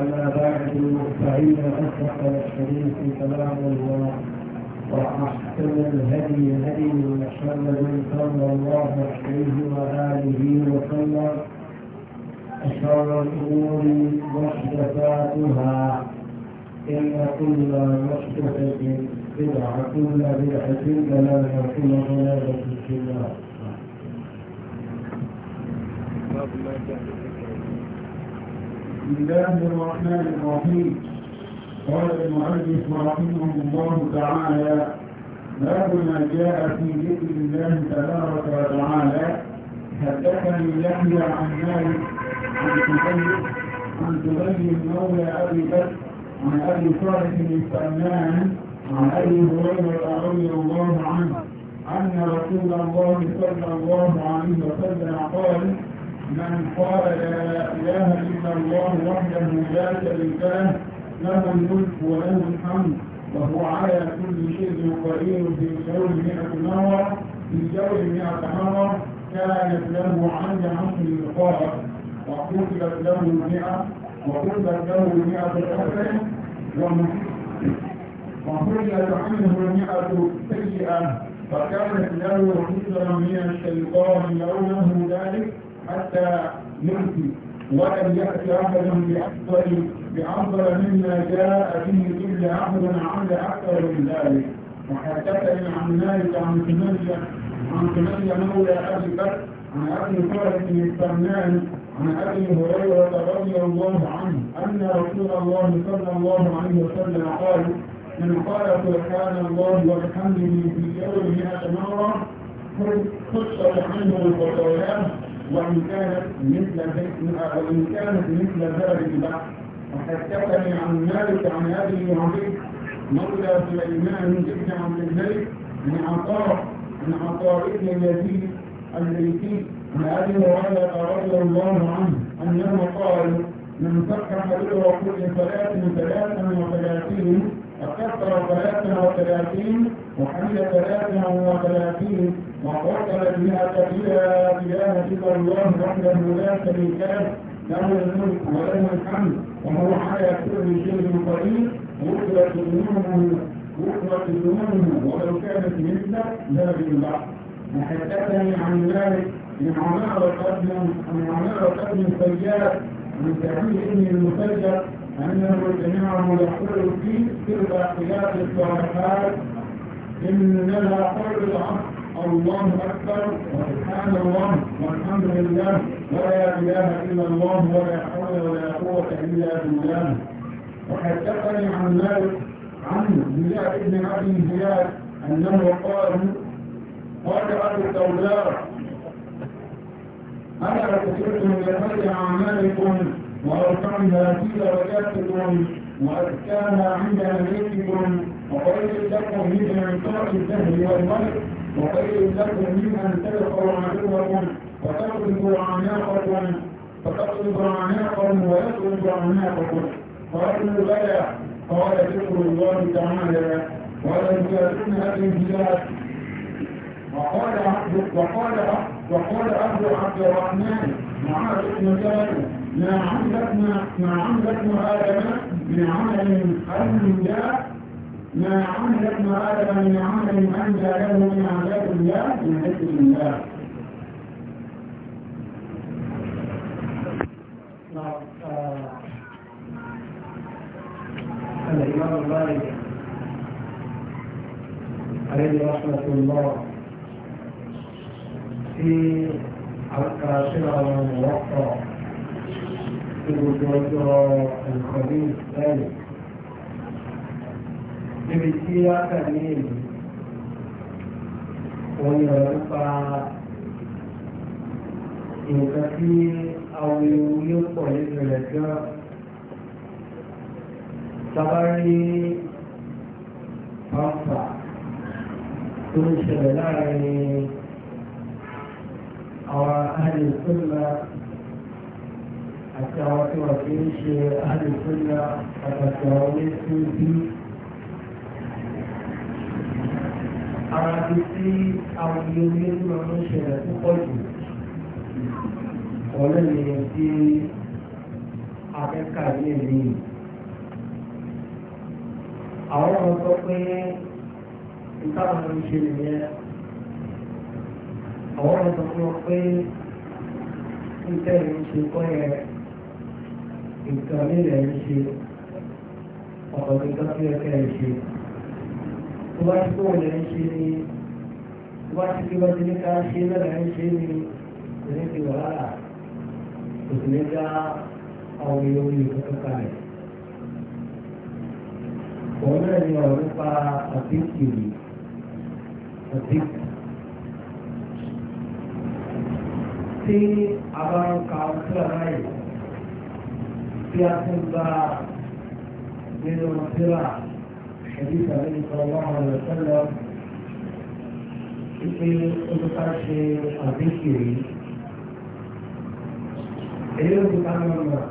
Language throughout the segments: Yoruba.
أما بعد فإن أصدق الحديث كلام الله وأحسن الهدي هدي محمد صلى الله عليه وآله وسلم شر الأمور محدثاتها إن كل محدثة بدعة كل بدعة ضلالة كل ضلالة في النار. بسم الله الرحمن الرحيم قال المؤلف رحمه الله تعالى باب ما جاء في ذكر الله تبارك وتعالى حدثني يحيى عن مالك عن تبين عن تبين مولى ابي بكر عن ابي صالح السمان عن ابي هريره رضي الله عنه ان رسول الله صلى الله عليه وسلم قال من قال لا إله إلا الله وحده لا شريك له له الملك وله الحمد وهو على كل شيء قدير في جو مئة مرة في جو مئة مرة كانت له عند عشر لقاء وكتبت له مئة وكتبت له مئة حسن وقتلت عنه مئة سيئة فكانت له حجرا من الشيطان يرونه ذلك حتى نمسي ولم يأتي أحد بأكثر بأفضل مما جاء به إلا أحد عمل أكثر من ذلك وحدثني عن مالك عن سمية عن سمية مولى أبي بكر عن أبي خالد بن السمان عن أبي هريرة رضي الله عنه أن رسول الله صلى الله عليه وسلم قال من قال سبحان الله وبحمده في يوم مئة مرة خشت عنه الخطايا وإن كانت مثل وإن كانت مثل ذلك البحر وحدثني عن مالك عن أبي عبيد مولى سليمان بن عبد الملك بن عطاء بن عطاء بن يزيد الليثي عن أبي هريرة رضي الله عنه أنه قال من صح حديث رسول صلاة ثلاثا وثلاثين وكسر ثلاثة وثلاثين وحمل ثلاثة وثلاثين وقتل بها كبيرة إله إلا الله وحده لا شريك له له الملك وله الحمد وهو على كل شيء قدير يخلق ذنوبه يخلق ذنوبه ولو كانت مثله ذهب البحر وحدثني عن ذلك من عمارة ابن من عمارة ابن السيار من سعيد ابن المسجد أنه جميعه يحصل في تلك خلاف الصالحات إنما قول العبد الله أكبر وسبحان الله والحمد لله ولا إله إلا الله ولا حول ولا قوة إلا بالله وحدثني عن مالك عن زياد بن أبي زياد أنه قال قال أبو الدولار أنا كنت يتبع مالك ورفعنا في درجاتكم وأزكانا عند اهلكم وخير لكم من انفاق الدهر والملك وخير لكم من أن تلقوا عدوكم وتقلبوا أعناقكم فتقلبوا أعناقهم ويقلبوا أعناقكم قالوا بلى قال ذكر الله تعالى ولم يكن هذه الجهات وقال عبد وقال وقال عبد عبد الرحمن معاذ بن جابر ما عملتنا ما عملتنا ادم من عمل انجى ما عملتنا ادم من عمل انجى له من عذاب الله من ذكر الله الإمام الغالي عليه رحمة الله sí àkàṣírà ìwọ́pọ̀ tí gbogbo ọjọ́ ìkọ̀lé ìsẹ́lẹ̀. Níbi tí a kà ní èyí, wọ́n ní ọ̀rọ̀ nípa nǹkan tí àwọn ewu yóò pọ̀ nínú rẹ̀ gan. Sábárí pàmpà tó ń ṣẹlẹ̀ láàárín àwọn ahìlùsọ́nà àti àwọn tí wọ́n fi ń ṣe ahìlùsọ́nà pàtàkì àwọn oníṣẹ́bí ara ti tí àwọn ilé orí ní ọdún ṣẹlẹ̀ púpọ̀ jù ọ̀lẹ́ ni tí akẹ́kọ̀ọ́ ní èmi àwọn ọmọ sọ pé ìtàwọn ń ṣe nìyẹn àwọn ọmọ sọ wọn pé iṣẹ́ rẹ̀ ṣe kọ́ yẹ nǹkan ní ń ṣe ọ̀pọ̀ nǹkan tí ẹ̀kẹ́ rẹ̀ ṣe tó bá ti kó wọn ń ṣe ni tó bá ti kí wọ́n ti ní ká ṣe náà ń ṣe ni ìrìn ti wà lára kò sì ní dá àwọn èèyàn orí ìkọ́kọ́ kalẹ̀ òun náà ni ọ̀rọ̀ nípa àbíkì àbíkì. tí a bá ń ka ọ̀sẹ̀ láì tí a ti ń bá nínú síra ẹ̀bí tàbí ìfọwọ́ àwọn ìfẹ́lẹ̀ ìpè olùkà ṣe àdékìrì èyí ló ti ká lọ mọ̀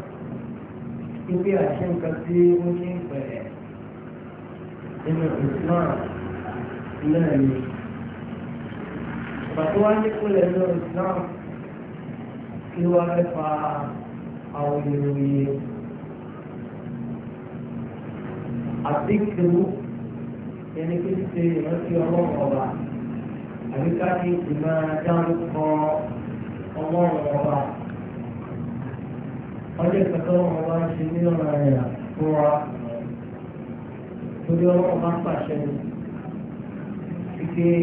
kí wọ́n fẹ́ fa àwọn ìròyìn àti kìlú ẹni kí ti ṣe ìrántí ọlọ́run ọba àbí ká ní ìmọ̀ dáńkọ ọlọ́run ọba ọjọ́ ìpẹ́tọ́ ọlọ́run ọba ń ṣe nínú ọ̀rọ̀ ẹ̀yà fún wa torí ọlọ́run ọba pàṣẹ ni kíkẹ́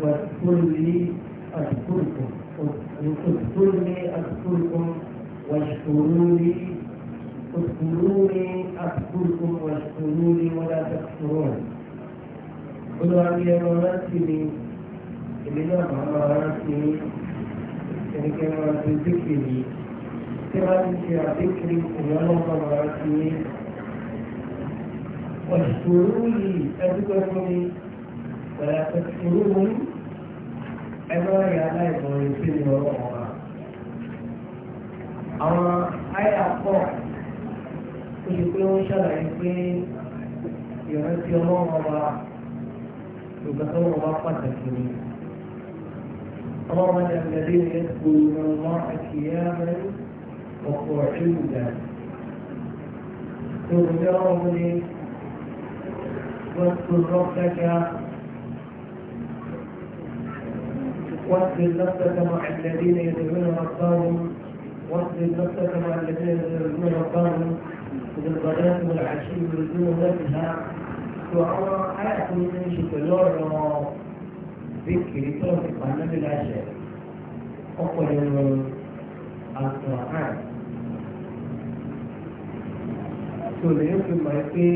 wẹ̀kúrú ní àdúgbò ìkọ̀ọ̀. اذكرني أذكركم واشكروني اذكروني أذكركم واشكروني ولا تكفرون قلوا عن يمناتني إلينا مهاراتني يعني كما في ذكري كما في ذكري إلينا مهاراتني واشكروني أذكروني ولا تكفروني ẹgbẹ́rẹ́ aláìsàn ìfẹ́ ní ọ̀rọ̀ ọ̀rọ̀ àwọn àyà pọ̀ tó ṣe pé wọ́n ṣàlàyé pé ìrántí ọlọ́run ọba ìgbàtọ́ ọba pàtàkì ni ọlọ́run ẹgbẹ̀rẹ́ ilẹ̀ gbòòrò ọmọ àkìyà rẹ̀ ọ̀pọ̀ ìrùdà tó ń bẹ́ واصبر نفسك مع الذين يدعون ربهم واصبر نفسك مع الذين يدعون ربهم بالغداة والعشي يريدون وجهها وعلى حياة من شكلور ذكر توفيق النبي العشاء أقوى القرآن tòlè ń fi mọ̀ pé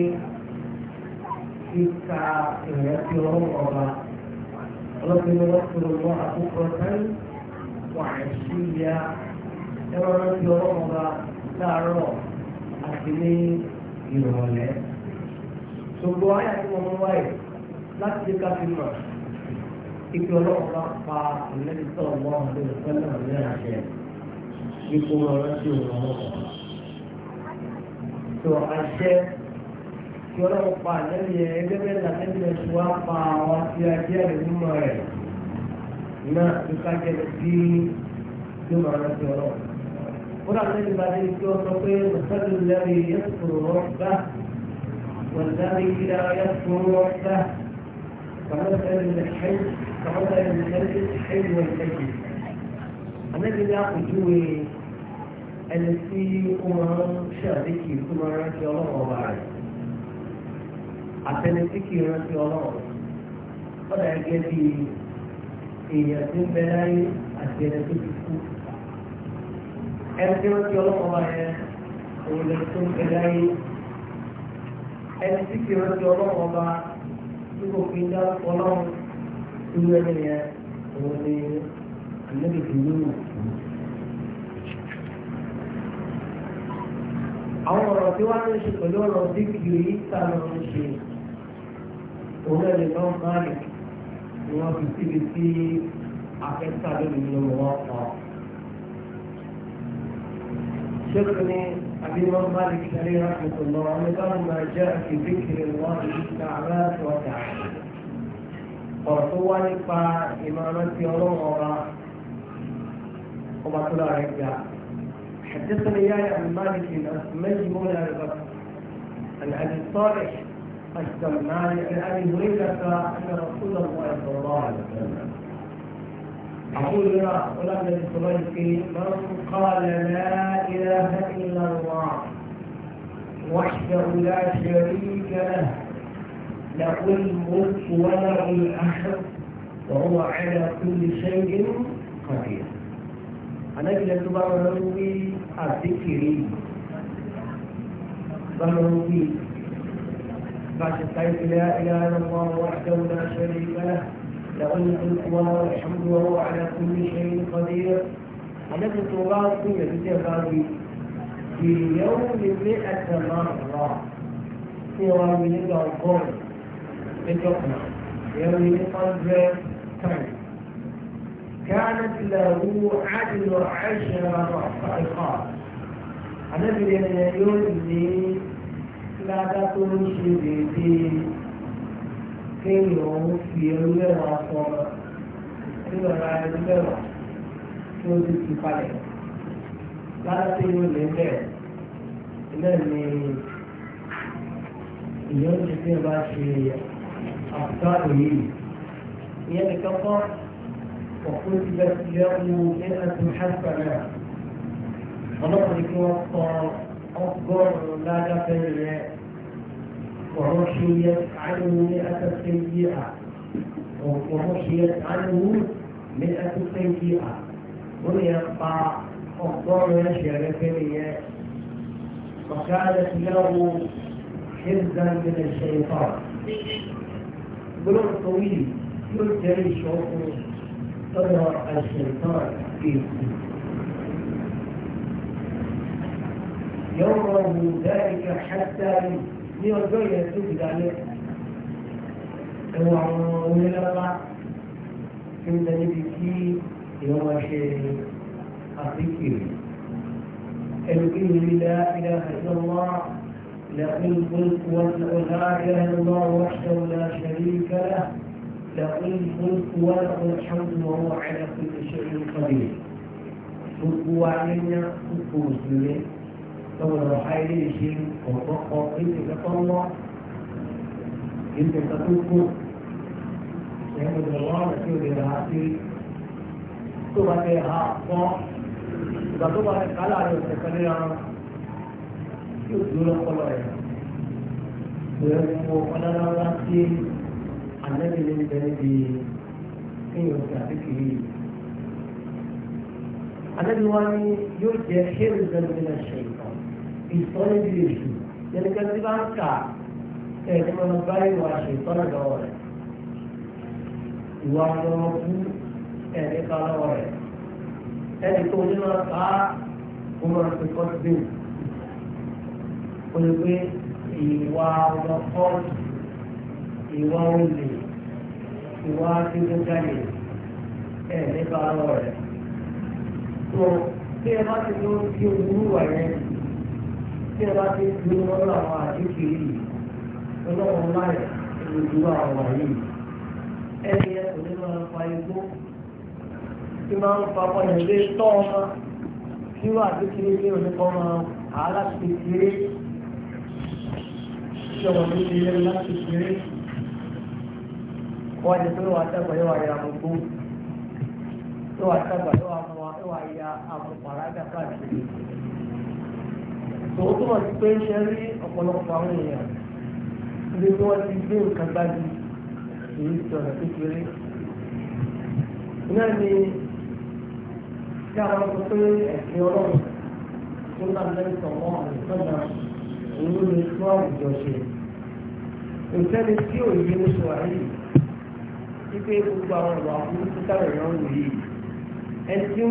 kíka ìrẹsì ọlọ́run ọba ọlọ́run ni wọ́n fún ọmọ àkókò sẹ́yìn wà sí ìyá ẹ̀rọ rántí ọlọ́run bá láàárọ̀ àti ní ìrọ̀lẹ́. ṣùgbọ́n àyà tí wọ́n mú wáyé láti dé káfí mọ̀ ìpè ọlọ́run bá pa ìlẹ́ni tó ọmọ ọdún ìfẹ́lẹ́ ọ̀rẹ́ àṣẹ ipò ọ̀rẹ́ tí òun ọmọ ọ̀rọ̀. tó àṣẹ. tí ọlọ́run pa àtẹ́lẹ̀ yẹn ẹgbẹ́ bẹ́ẹ̀ làtẹ́lẹ̀ tí wọ́n pa àwọn àti ajé rẹ̀ nínú rẹ̀ náà tó ká jẹ́lẹ̀ sí tí ó máa rẹ̀ tí ọlọ́run. ó dà sẹ́ni bá dé tí ó sọ pé mọ̀sálù lẹ́rì yẹ́sùn rọ́ọ̀dá wọ̀lẹ́rì ìlà yẹ́sùn rọ́ọ̀dá kàmọ́sẹ̀lì lẹ́hìn kàmọ́sẹ̀lì lẹ́hìn wọ̀lẹ́hìn. àlẹ́bí ní àpèjúwe ẹni tí ó máa ń ṣàdékì tó máa rántí ọlọ́run ọba rẹ̀. àtẹni tí kì í rántí ọlọ́run ọ̀dà ẹgbẹ́ bí èèyàn tí ń bẹ láyé àti ẹni tó ti kú ẹni tí rántí ọlọ́run wá yẹn òun lè tó ń bẹ láyé ẹni tí kì í rántí ọlọ́run ọba tí kò fi dá ọlọ́run irú ẹni yẹn òun ni àlébìtì lóru. àwọn ọ̀rọ̀ tí wọ́n á ń ṣe pẹ̀lú ọ̀rọ̀ bí kìí tá a lọ ṣe. òun náà lè fẹ́ mọ́lì ni wọ́n fi síbi tí afẹ́sà lónìí nínú شكرني أبي مالك عليه رحمة الله قال ما جاء في ذكر الله تعالى وتعالى ọ̀tún wá nípa ìmọ̀ràn أورا وما ọba رجع حدثني يا أبي مالك الأسمج مولى الغفر عن أبي صالح أكثر مالك أبي هريرة أن رسول الله صلى الله عليه وسلم أقول يا غلام الكويتي من قال لا إله إلا الله وحده لا شريك له له الملك وله الأحد وهو على كل شيء قدير أنا إلى تبرر الذكر برر بعد التعريف لا إله إلا الله وحده لا شريك له له الملك وله الحمد وهو على كل شيء قدير ونبي التوراة في الجهاد في يوم مئة مرة في سوى من الأرقام بتقنى يوم مئة كان كانت له عدل عشر رقائقات أنا بلي يوم ládá tó ń ṣe dédé kéèyàn ń fi ẹrú ẹ̀wà sọ nínú ara ẹrú ẹ̀wà tó ti ti palẹ̀ ládá tó yóò lé bẹ́ẹ̀ náà ni ìyẹn ti fi bá ṣe àbúrò yìí ìyẹn nìkan kọ́ ọ̀pọ̀ ti bẹ́ẹ̀ ti lẹ́kùn ní ẹ̀sìn ṣáṣà ọlọ́pàá ni kí wọ́n kọ́ ọgọ́rùn-ún ládá fẹ́ẹ́ وحشيت عنه مئة سيئة وحشيت عنه مئة سيئة ويقطع أخضر نشر كبيرة وكانت له حزا من الشيطان بلوغ طويل يلتري شوقه قدر الشيطان فيه يومه ذلك حتى منه ní ọjọ́ yẹn tó ti dalẹ̀ ẹ̀wọ̀n àwọn onílọ́lá tí ń bẹ níbi kí ìwọ́n máa ṣe àfikìrì ẹ̀rù kí ni lílá ilá ìlọ́wọ́ لكن قلت ولا إله إلا الله وحده لا شريك له لكن قلت وله الحمد وهو على كل شيء قدير. Gbogbo wa ní ní saboda haili shi kwakwa inda ta kwanwa inda ta tuku sai mu da wani kyau da ya hafi tó bá ti ha kọ́ ìgbà tó bá ti kálá rẹ̀ ọ̀sẹ̀ kan ní ara tí ó dúró lọ́pọ̀lọ́ rẹ̀ bẹ̀rẹ̀ ní mo ọ̀dára wá sí àlẹ́bí ní ibẹ̀ níbi kéèyàn ti àdékèé yìí. wa ni yóò jẹ́ ṣéèrè zẹ́nu nínú ìsọ́nà ti lè jù yẹnìkan tí bá ń kà ẹ̀ẹ́dẹ́ máa bá ìwà ṣe ìsọ́nà lọ́wọ́ rẹ̀ ìwà lọ́wọ́ fún ẹ̀ẹ́dẹ́ka lọ́wọ́ rẹ̀ ẹni tó ní máa ká ó máa fi kọ́ sí o lè pé ìwà ọkọ ìwà olè ìwà adigunjalè ẹ̀ẹ́dẹ́ka lọ́wọ́ rẹ̀ tó bí ẹ bá ti lọ sí owó wà yẹn tí ẹ bá ti gbé lọ́rọ̀ àwọn àdéhùn yìí ọlọ́run láì lójú àwọn yìí ẹni ẹ kò ní máa fa igbó tí máa ń fa ọmọ ìlé tọ́ ọmọ tí wọ́n àdéhùn yìí onípa ọmọ àárá ti kéré tí ọmọ mi ti yẹ láti kéré wọ́n ti pé wọ́n àtàgbà yóò wá ya àmúgbó yóò àtàgbà yóò wá ya àmúparadà káàkiri. tó o túmọ̀ pé ṣe rí ọ̀pọ̀lọpọ̀ àwọn èèyàn ilé tí wọ́n ti gbé nǹkan gbájú èyí ti ọ̀nà kékeré náà ni tí a máa sọ pé ẹ̀sìn ọlọ́run tó ń bá lẹ́yìn sọ̀mọ́ àìsọ́jà òun ló tún àwùjọ ṣe òṣèlú tí ò yé oṣù àyè wípé gbogbo àwọn ìwà yìí ẹni tí ń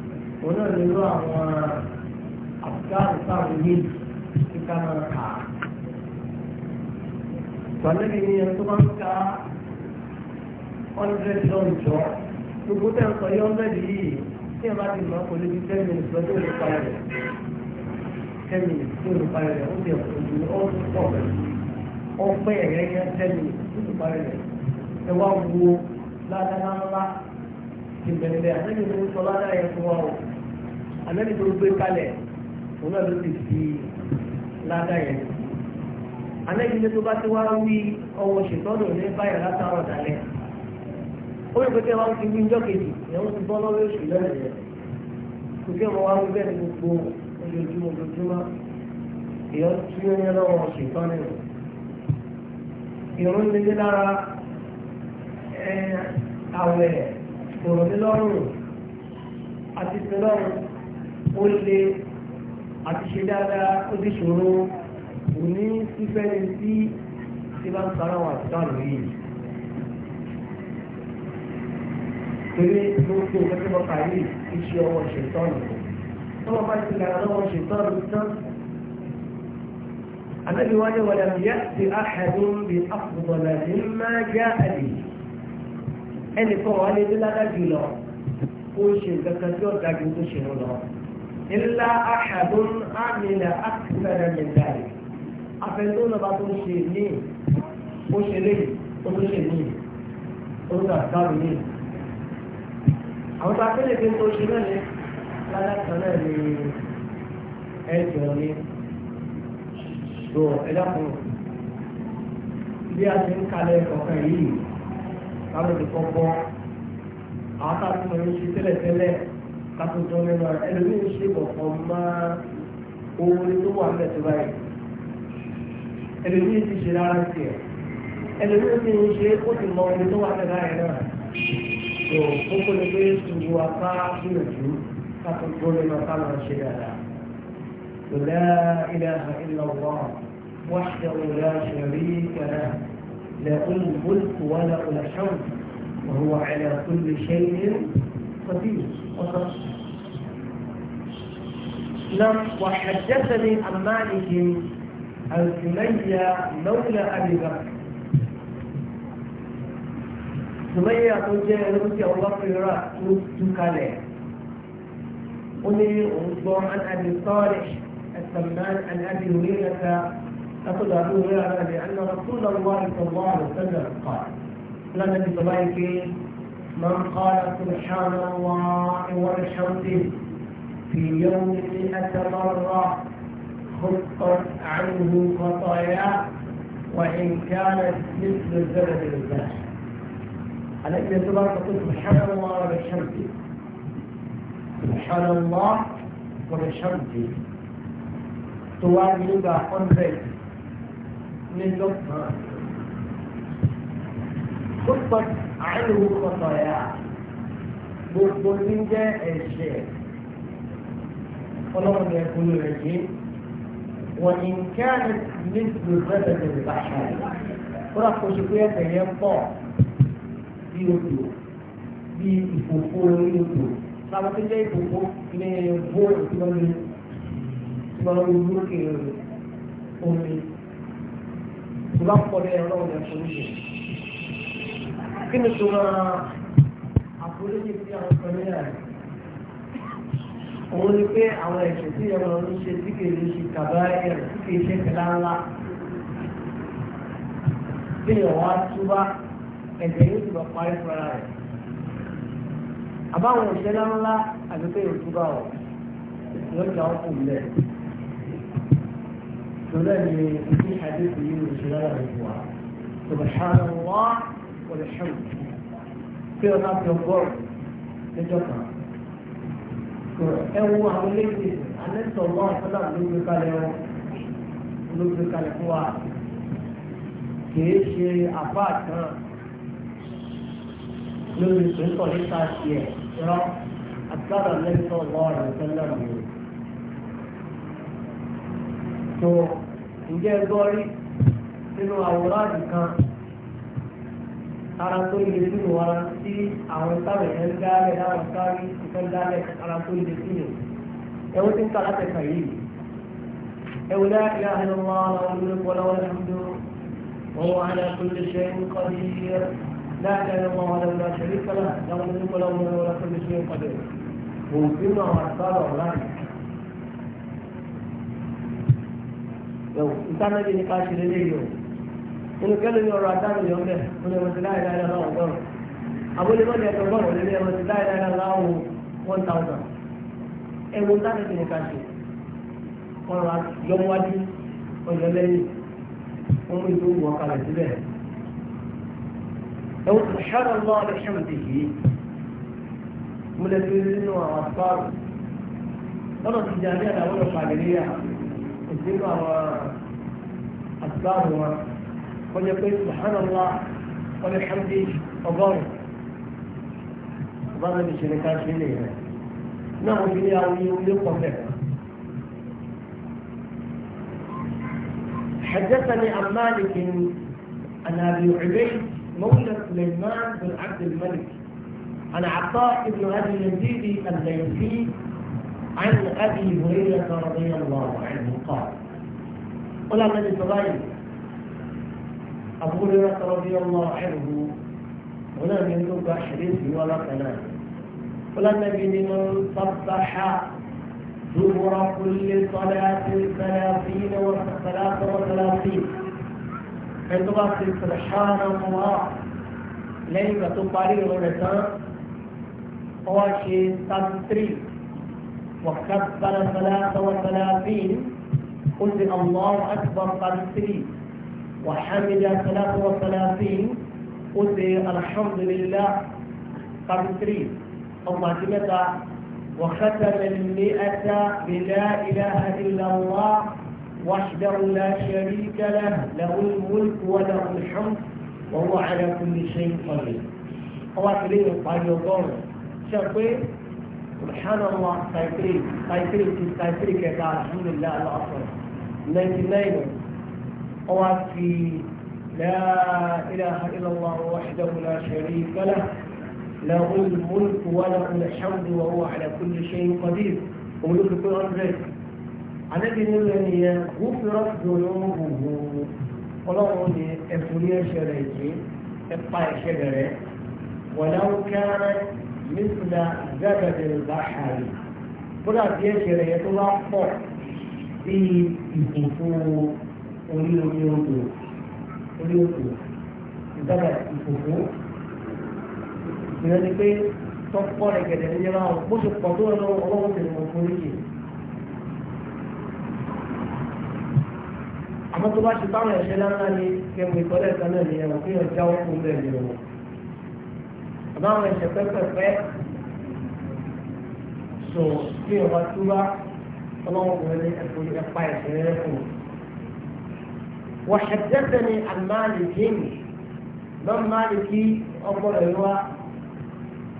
òun náà ní irú àwọn àbúkáàrù táwọn yìí ti ká máa kà á. Gbàlẹ́bí ni ẹni tó máa ń ka hundred lọ́jọ́ gbogbo tẹ̀ ń sọ yí hundred yìí tí ẹ bá ti mọ̀ kò lè di ten minutes lọ́jọ́ òun parí rẹ̀ ten minutes tí òun rẹ̀ ó ti ẹ̀kọ́ ju ọ̀hún pọ̀ rẹ̀ ọ̀pẹ́ ẹ̀rẹ́ yẹn ten minutes tí òun rẹ̀ ẹ wá wo ládàá ńlá. ti bẹ̀rẹ̀ bẹ̀rẹ̀ ànábì ló ń sọ lọ́dà yẹn fún wa o onye tó gbé kalẹ̀ òun náà ló ti fi yẹn tó bá ti wá wí ọwọ́ ní báyà látàrọ̀ dálẹ̀ ó yẹ pé kí wọ́n ti wí ìyẹn wọ́n ti bọ́ lọ́wọ́ oṣù rẹ̀ kò kí wọ́n wá wí bẹ́ẹ̀ ní gbogbo ojoojúmọ́ ojoojúmọ́ lọ́wọ́ kòrò ní lọ́rùn àti tẹ́lọ́rùn ó lè àti ṣe dáadáa ó ti ṣòro kò ní sífẹ́ ní sí tí bá ń sara wà sáàlù yìí. Torí ló ń tó kẹ́kẹ́ bọ́ kàrí iṣẹ́ ọwọ́ ṣètọ́nù. Wọ́n máa bá ti lára lọ́wọ́ ṣètọ́nù tán. Àbẹ́bí wáyé wọ̀dà yẹ́ ti àhẹ́dùn bí àfùbọ̀lá ní máa àdìyí ẹnìkan wà lè déládá jù lọ kó ṣe kankan tí ọ̀gá ju tó ṣe wọn lọ. ńlá àṣàdún àmìlà àkùnfẹ̀rẹ̀ nìgbà rẹ̀ afẹ́ntó náà bá tó ń ṣe ní ó ṣe léyìí ó tó ṣe ní orúkọ àtàwọn ní. àwọn tá a fẹ́ lè fi tó ṣe náà ní ládàkàn náà ní ẹ̀jọ̀ ní. tó ẹ̀dá kan bí a ti ń kalẹ̀ ọ̀kan yìí káwọn lè kọ́kọ́ àwọn táwọn ọmọ yẹn ṣe tẹ́lẹ̀tẹ́lẹ̀ kátójọ́ nínú ẹlòmíín ṣe kọ̀ọ̀kan máa oore tó wà nílẹ̀ tó báyìí ẹlòmíín ti ṣe rárá tiẹ̀ ẹlòmíín ti ń ṣe ó ti mọ oore tó wà nílẹ̀ báyìí náà tó kókó ni pé ṣubú apá gbìyànjú kátójọ́ nínú káwọn ṣe dáadáa. لا لا أم الملك ولا أولى الحمد وهو على كل شيء قدير فقط نعم وحدثني عن مالك عن سمية مولى أبي بكر سمية تجي لمسي الله في الرأس تكالي قولي أنظر عن أبي صالح السمان عن أبي هريرة أقول أقول يا أبي بأن رسول الله صلى الله عليه وسلم قال لا نبي صلى من قال سبحان الله والحمد في يوم مئة مرة خطت عنه خطاياه وإن كانت مثل زبد الزاهي على أن تبارك تقول سبحان الله والحمد سبحان الله والحمد تواجد 100 níjọ́ kan ó sọ àìlówó kọ̀tọ̀ yà gbogbo ní jẹ́ ẹ̀ṣẹ̀ ọlọ́run ní ẹ̀kún rẹ̀ yé wọ́n ní kẹ́rin ní gbogbo ẹ̀ṣẹ̀ tó bá ṣe kódà kó ṣe pé ẹ̀ṣẹ̀ yẹn pọ̀ bí odò bí ìfòfó orí odò láwọn tó jẹ́ ìfòfó ní bó ìtúwọ́n ní ìtúwọ́n ní olókè omi tó bá pọ̀ lẹ́yìn ọlọ́run ní àforíjì kí ni tó máa àforíjì sí àwọn kan ní àyè òun ni pé àwọn ẹ̀sìn tí ẹ̀rọ ń ṣe tí kì í ṣe kàbá ẹ̀rọ tí kì í ṣe kẹlá ńlá bí ọ̀wá túbá ẹ̀jẹ̀ yóò ti àbáwọn ìṣẹ́lá ńlá àdúgbò yóò túbá ọ̀ yóò jà ọ́ فلان في حديث يقول شلال الرجوع سبحان الله والحمد في أمام جنبور لجنة ẹwọ àwọn léèdè àlẹ́sọ̀ ọmọ ọ̀sọ́lá ló gbé kalẹ̀ ọ ló gbé kalẹ̀ fún wa kìí ṣe àbá kan lórí ìpínsọ̀ níta tiẹ̀ rọ àgbàdo àlẹ́sọ̀ ọmọ ọ̀sọ́lá ló gbé tó ǹjẹ́ gbọ́rí nínú àwòrán nìkan ara tó le sínú ara tí àwọn táwọn èèyàn ń dálẹ̀ láwọn sáré ìfẹ́ dálẹ̀ ara tó le sínú ẹ̀wọ́n ti ń kàlá tẹ̀ka yìí ẹ̀wọ́n dá ilé àhẹ́lẹ́ wọn àwọn olùdókòwò lọ́wọ́ ẹ̀húndó وهو على كل شيء قدير لا اله الا الله وحده لا شريك له له الملك وله الحمد وله كل شيء قدير ممكن أن أكثر ولا yòò ìtànàbí ni ká ṣe lé léyìí o inú kẹlẹ́ ní ọ̀rọ̀ àtàwọn èèyàn bẹ̀ ó lè wọ́n ti láì láì láì ọgọ́rùn abúlé mọ́ni ẹ̀tọ́ gbọ́dọ̀ lé lé wọ́n ti láì láì láì one thousand ẹ̀wọ̀n ìtànàbí ni ká ṣe ọ̀rọ̀ yọmọwájú ọ̀yọ́ lẹ́yìn wọ́n mú ìlú wọ̀ kalẹ̀ síbẹ̀ ẹ̀wọ̀n ìṣàrọ̀ lọ́wọ́ lè ṣàmì ti yìí mo lè fi nínú àwọn àpárò lọ́dọ̀ ti jẹ́ àbí àdàwọ̀ lọ́ الذكر وأسباب وليقول سبحان الله ولحمده وبر بر بشركات شيئا نعم بني أولي ويقف حدثني عن مالك أن أبي عبيد مولى سليمان بن عبد الملك عن عطاء بن أبي يزيد الليثي عن أبي هريرة رضي الله عنه قال قل من إسرائيل أبو هريرة رضي الله عنه هنا من لغة حديث ولا كلام قل النبي من صبح دبر كل صلاة ثلاثين وثلاث وثلاثين عندما سبحان الله ليلة طريق أو شيء تنتري وكبر ثلاثة وثلاثين قل الله أكبر قلسي وحمد ثلاثة وثلاثين قل الحمد لله أو ما جمتا وختم المئة بلا إله إلا الله وحده لا شريك له له الملك وله الحمد وهو على كل شيء قدير. هو كلمة قال يقول شاكوين subhanallah taipiri taipiri ti taipiri kẹta alhamdulilayi alaafọlọ ninety nine ọwọ́ fi laa ilaha illallah wahdahu la sharika lah له الملك وله الحمد وهو على كل شيء قدير وملك كل أمر anabi ní ló ní yẹn wúfúrọ́ dùnú òwò ọlọ́run ní ẹ̀fúrí ẹ̀ṣẹ̀ rẹ̀ yìí ẹ̀pa ẹ̀ṣẹ̀ rẹ̀ wọ̀lá ń kẹ́rẹ́ مثل jágàdé báhàrí kódà tí ẹsẹ̀ في tó bá pọ̀ bí ìkòkò orí omi odò orí odò ìdábà ìkòkò ìrẹ́ni pé tọ́pọ̀ rẹ̀ gẹ̀dẹ̀ ní yẹn báwọn bó ṣe pọ̀ tó lọ́wọ́ ọlọ́wọ́ tẹ̀lé mọ̀ fún oríṣi. àmọ́ tó bá ṣe báwọn ẹ̀ṣẹ̀ lára ní kẹwìn ìtọ́lẹ̀ kan náà nìyẹn wọ́n fi hàn jáwọ́ bẹ́ẹ̀ nìyẹn wọ́n. báwọn ẹ̀ṣẹ̀ pẹ́pẹ́pẹ́ sọ bí ọba túbá ọlọ́wọ́ kò ní ẹ̀fọ́ ẹ̀pa ẹ̀ṣẹ̀ rẹ̀ fún un. وحدثني عن مالك من مالك أمر الواء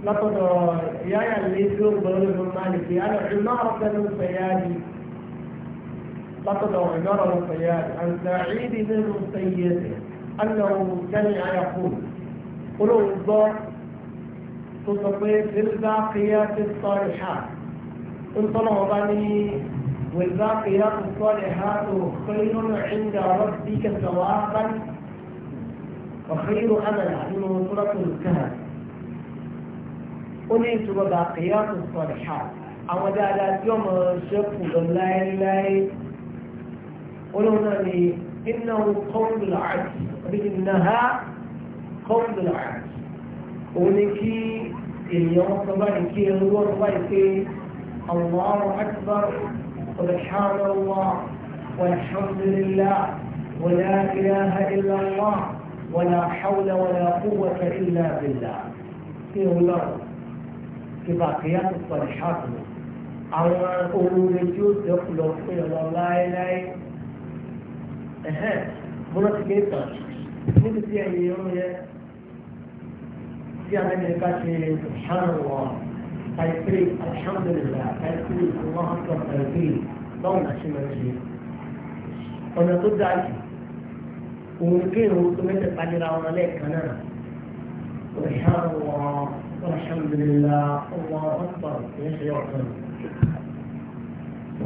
لقد يا يا اللي يسوق بقول من مالك أنا عمارة من صيادي لقد عمارة من صيادي عن سعيد بن مسيد أنه سمع يقول قلوا الضوء تطيب الباقيات الصالحات انطلعوا بني والباقيات الصالحات خير عند ربك ثوابا وخير أملا من سورة الكهف أنيت بباقيات الصالحات أو دا لا يوم شف الله الله قلنا لي إنه قوم العجز بإنها قوم العجز òun ni kí èèyàn sọ báyìí kí ẹrú ọ̀rọ̀ báyìí pé Allahu akbar subhanallah walhamdulillah wala ilaha illallah wala hawla wala quwwata illa billah kí ẹrú lọ́rọ̀ kí bàkìyà tó pàdé ṣáàtúnú àwọn olóore tí ó dẹ́kù lọ fún ìrọ̀ láéláé ẹ̀hẹ́n bọ́lá ti gé ìtàn níbi tí ẹ̀yìn ìrún yẹn في أمريكا في شهر وأيبريل الحمد لله أيبريل الله أكبر أيبريل ضمن عشرين أيبريل أنا ضد عشرين وممكن وكمية بعد رأونا ليك أنا وشهر والحمد لله الله أكبر يشيع كل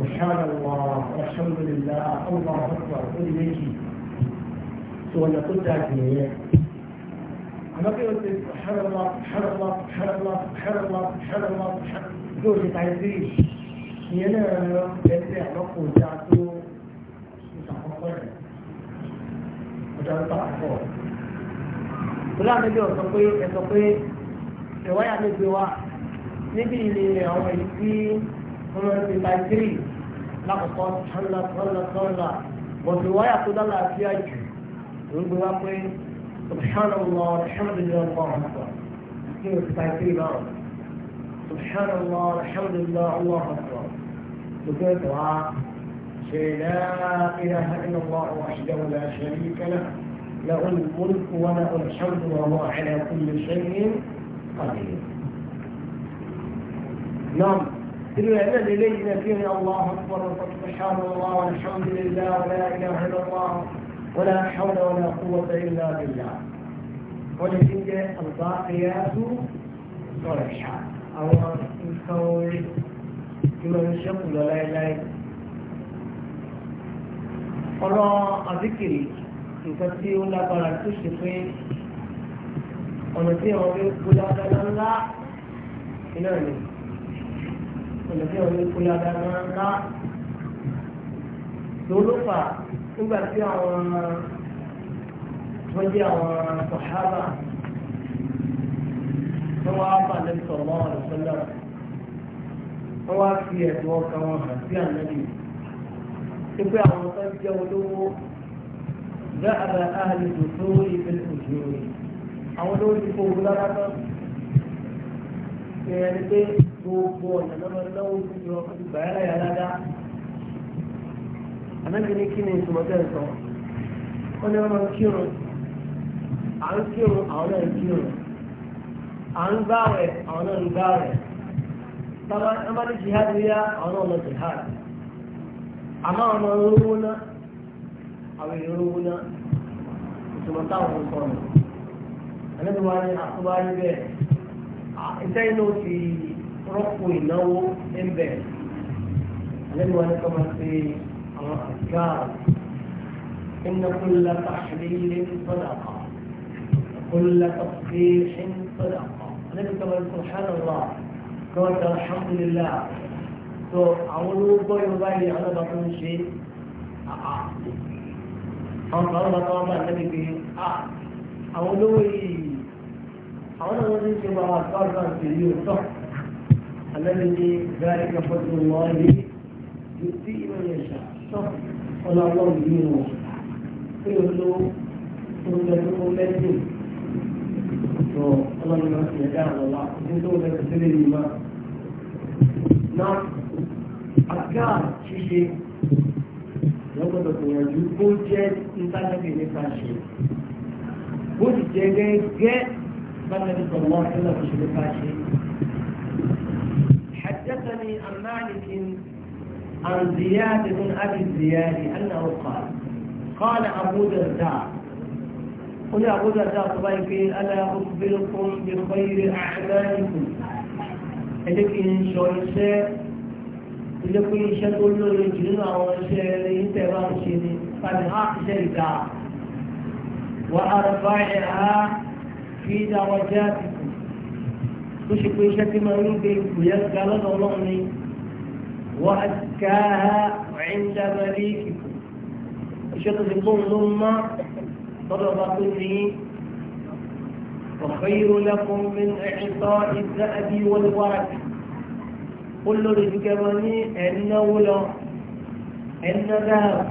وشهر والحمد لله الله أكبر كل شيء سوى نقول ذاك àmọ́ kí o ṣe ṣàrànlá ṣàrànlá ṣàrànlá ṣàrànlá ṣàrànlá bí o ṣe ta ẹsẹ̀ yìí ìyẹn náà rẹ ẹsẹ̀ àlọ́kọ̀ ọjà tó ìṣàkọ́kọ́ rẹ̀ ọjà tó bá pọ̀. Tọ́lá mi bí ọ̀sọ́ pé ẹ̀sọ́ pé ìwáyà mi gbé wa níbi ilé àwọn èyí tí wọ́n lọ sí nàìjírí lákòókò tọ́lá tọ́lá tọ́lá wọ́n ti سبحان الله الحمد لله الله أكبر سبحان الله الحمد لله الله أكبر وقلت دعاء شيء لا إله إلا الله وحده لا شريك له له الملك وله الحمد وهو على كل شيء قدير نعم بالعمل إلينا فيه الله أكبر سبحان الله والحمد لله ولا إله إلا الله ولا حول ولا قوة إلا بالله ولكن الباقيات صالحات أو القول كما شغل لا إله ọ̀rọ̀ àzíkìrì nǹkan tí ó lágbára tó ṣe pé ọ̀nà tí àwọn ọmọ epo ládàá ńlá iná ni ọ̀nà tí àwọn ọmọ epo ládàá ńlá ló nígbà tí àwọn wọ́n jẹ́ àwọn sọ̀hábà tó wá bá lẹ́nu sọ̀rọ̀ àwọn ọ̀sọ́lá wọ́n wá fi ẹ̀sùn ọkàn wọn hàn sí ànábì pípẹ́ àwọn tó jẹ́ olówó ذهب أهل الدخول بالأجور àwọn olówó ti fowó lára náà ìrìn àti pé gbogbo ọ̀nà lọ́wọ́ náwó ti yọ ìgbà yàrá yàrá dáa ànábì ní kí ni ìtumọ̀ bẹ́ẹ̀ sọ ó ní ọmọ kírun à ń kírun àwọn náà ń kírun à ń gbààwẹ̀ àwọn jihad yá àwọn náà jihad Ama àwọn ọmọ olówó náà àwọn èèyàn olówó náà ìtumọ̀ táwọn ń sọ̀rọ̀ ànábì wa ní àtúbọ̀ ayé bẹ́ẹ̀ iṣẹ́ inú ti rọ́pò ìnáwó ń bẹ̀ أو إن كل تحليل صدقة وكل تصحيح صدقة النبي كما سبحان الله قال الحمد لله تو أولو بو يبالي على بطن شيء أو قال بطابة النبي به أولو أولو ذلك ما أذكر في يوسف الذي ذلك فضل الله يؤتيه من يشاء ولا الله بدينه وشبه فيه كله كله كله كله كله الله لما في يجعل الله انتو ده تسلي لي ما نعم أكار شيشي لما تكون يجو بوجه انسان في نسان شيء بوجه جيجي جي بنا بس الله كله في شيء حدثني المالك عن زياد بن أبي الزياد أنه قال قال أبو درداء يا أبو درداء طبيبين ألا أخبركم بخير أعمالكم إليكم شويسة إليكم شكل الجنة وشيء تباشيني قد أحسن داء وأرفعها في درجاتكم تشكو شكل ما يمكن يسكى الله وأزكاها عند مليككم الشيخ يقول ثم ضرب كله وخير لكم من إعطاء الذهب والورق كل الجبني أنه ولا أن ذهب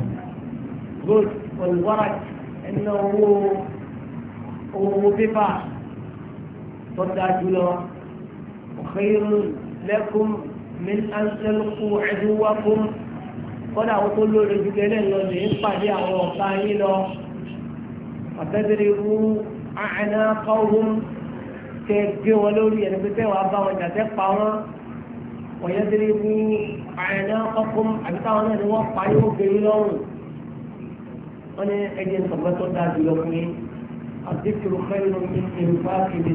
جزء والورق أنه هو هو بفع وخير لكم min an tẹ́lẹ̀kù ẹ̀dínwá fún kọ́dà àwọn tó lórí ìdílé náà lọ lè ń pàdé àwọn ọ̀tá yín lọ àtẹ́bẹ̀rẹ̀ rú àná kọ́hún tẹ gbé wọn lórí ẹni pé tẹ́wàá bá wọn jà tẹ́ pa wọn ọ̀yẹ́dẹ̀rẹ̀ rú àná kọ́kún táwọn náà ni wọ́n pa yóò gbé yín lọ́rùn wọ́n ní ẹ̀jẹ̀ sọ̀gbẹ́tọ̀ dáa jùlọ fún yín àdékùrù fẹ́ẹ́ lómi ìrùbá kìlì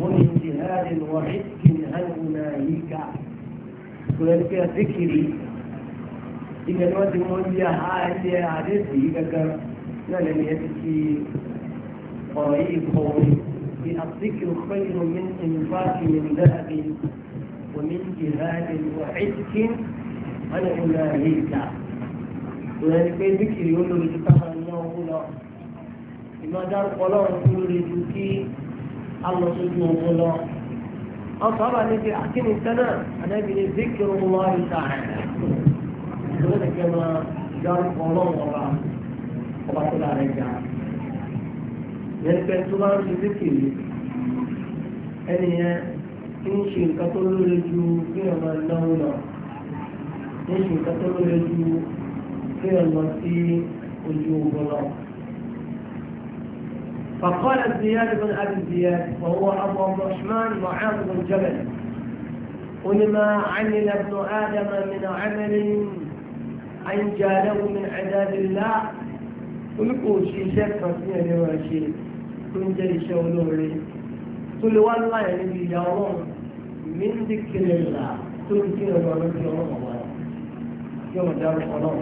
واجتهاد وعتق هل هنالك كذلك ذكري إذا الوقت مولي حالي عدسي كذا لم يأتي قريب قوي الذكر خير من إنفاق من ذهب ومن جهاد وعتق هل هنالك كذلك ذكري يقول لك تفعل الله إما دار قلوب يقول لك الله سبحانه وتعالى أصحاب الذي أحكم السنة أنا من ذكر الله تعالى هذا كما جار قولون وراء وبعث الله رجاء يلقى سبحان ذكر أن هي إن شيء قتل الرجوع في أمان نولا إن شيء قتل الرجوع في أمان في وجوه الله فقال زياد بن أبي زياد وهو أبو عبد الرحمن معاذ بن جبل قل ما عمل ابن آدم من عمل أنجى له من عذاب الله قل شيء شك فيها لواشي كن جري قل والله يا نبي يا من ذكر الله كل شيء بقول الله يوم دار الحرام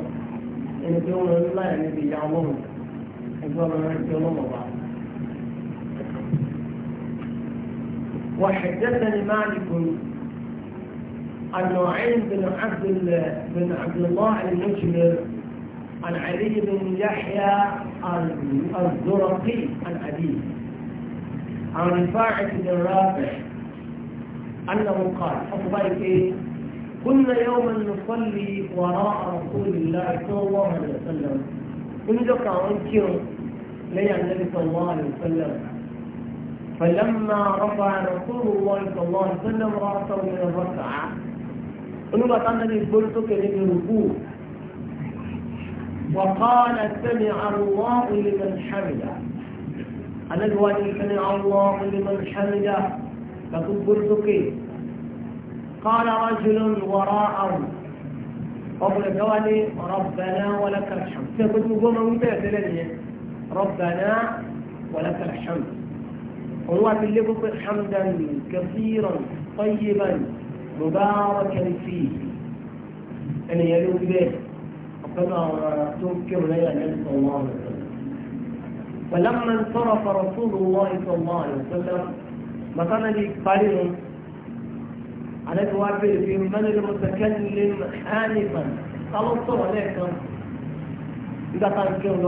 إن يوم الله يا نبي الله إن يا نبي يا الله وحدثني مالك عن بن عبد بن عبد الله المجمر عن علي بن يحيى الزرقي عن عن رفاعة بن رافع أنه قال أخبرك إيه كنا يوما نصلي وراء رسول الله صلى الله عليه وسلم إن ذكر أنكر لي النبي صلى الله عليه وسلم فلما رفع رسول الله صلى الله عليه وسلم رأسه من الركعة قلوا كان النبي قلت كلمة ركوع وقال سمع الله لمن حمده أنا الوالي سمع الله لمن حمده فقلت قلت إيه؟ قال رجل وراءه قبل جوالي ربنا ولك الحمد سيقول مقوم من ربنا ولك الحمد ونواتي اللي قطر حمدا كثيرا طيبا مباركا فيه أن يلوك به وقد تنكر ليلة صلى الله عليه وسلم فلما انصرف رسول الله صلى الله عليه وسلم مثلا لي قليل على توافر في من المتكلم حانفا قال الصلاة عليكم إذا قال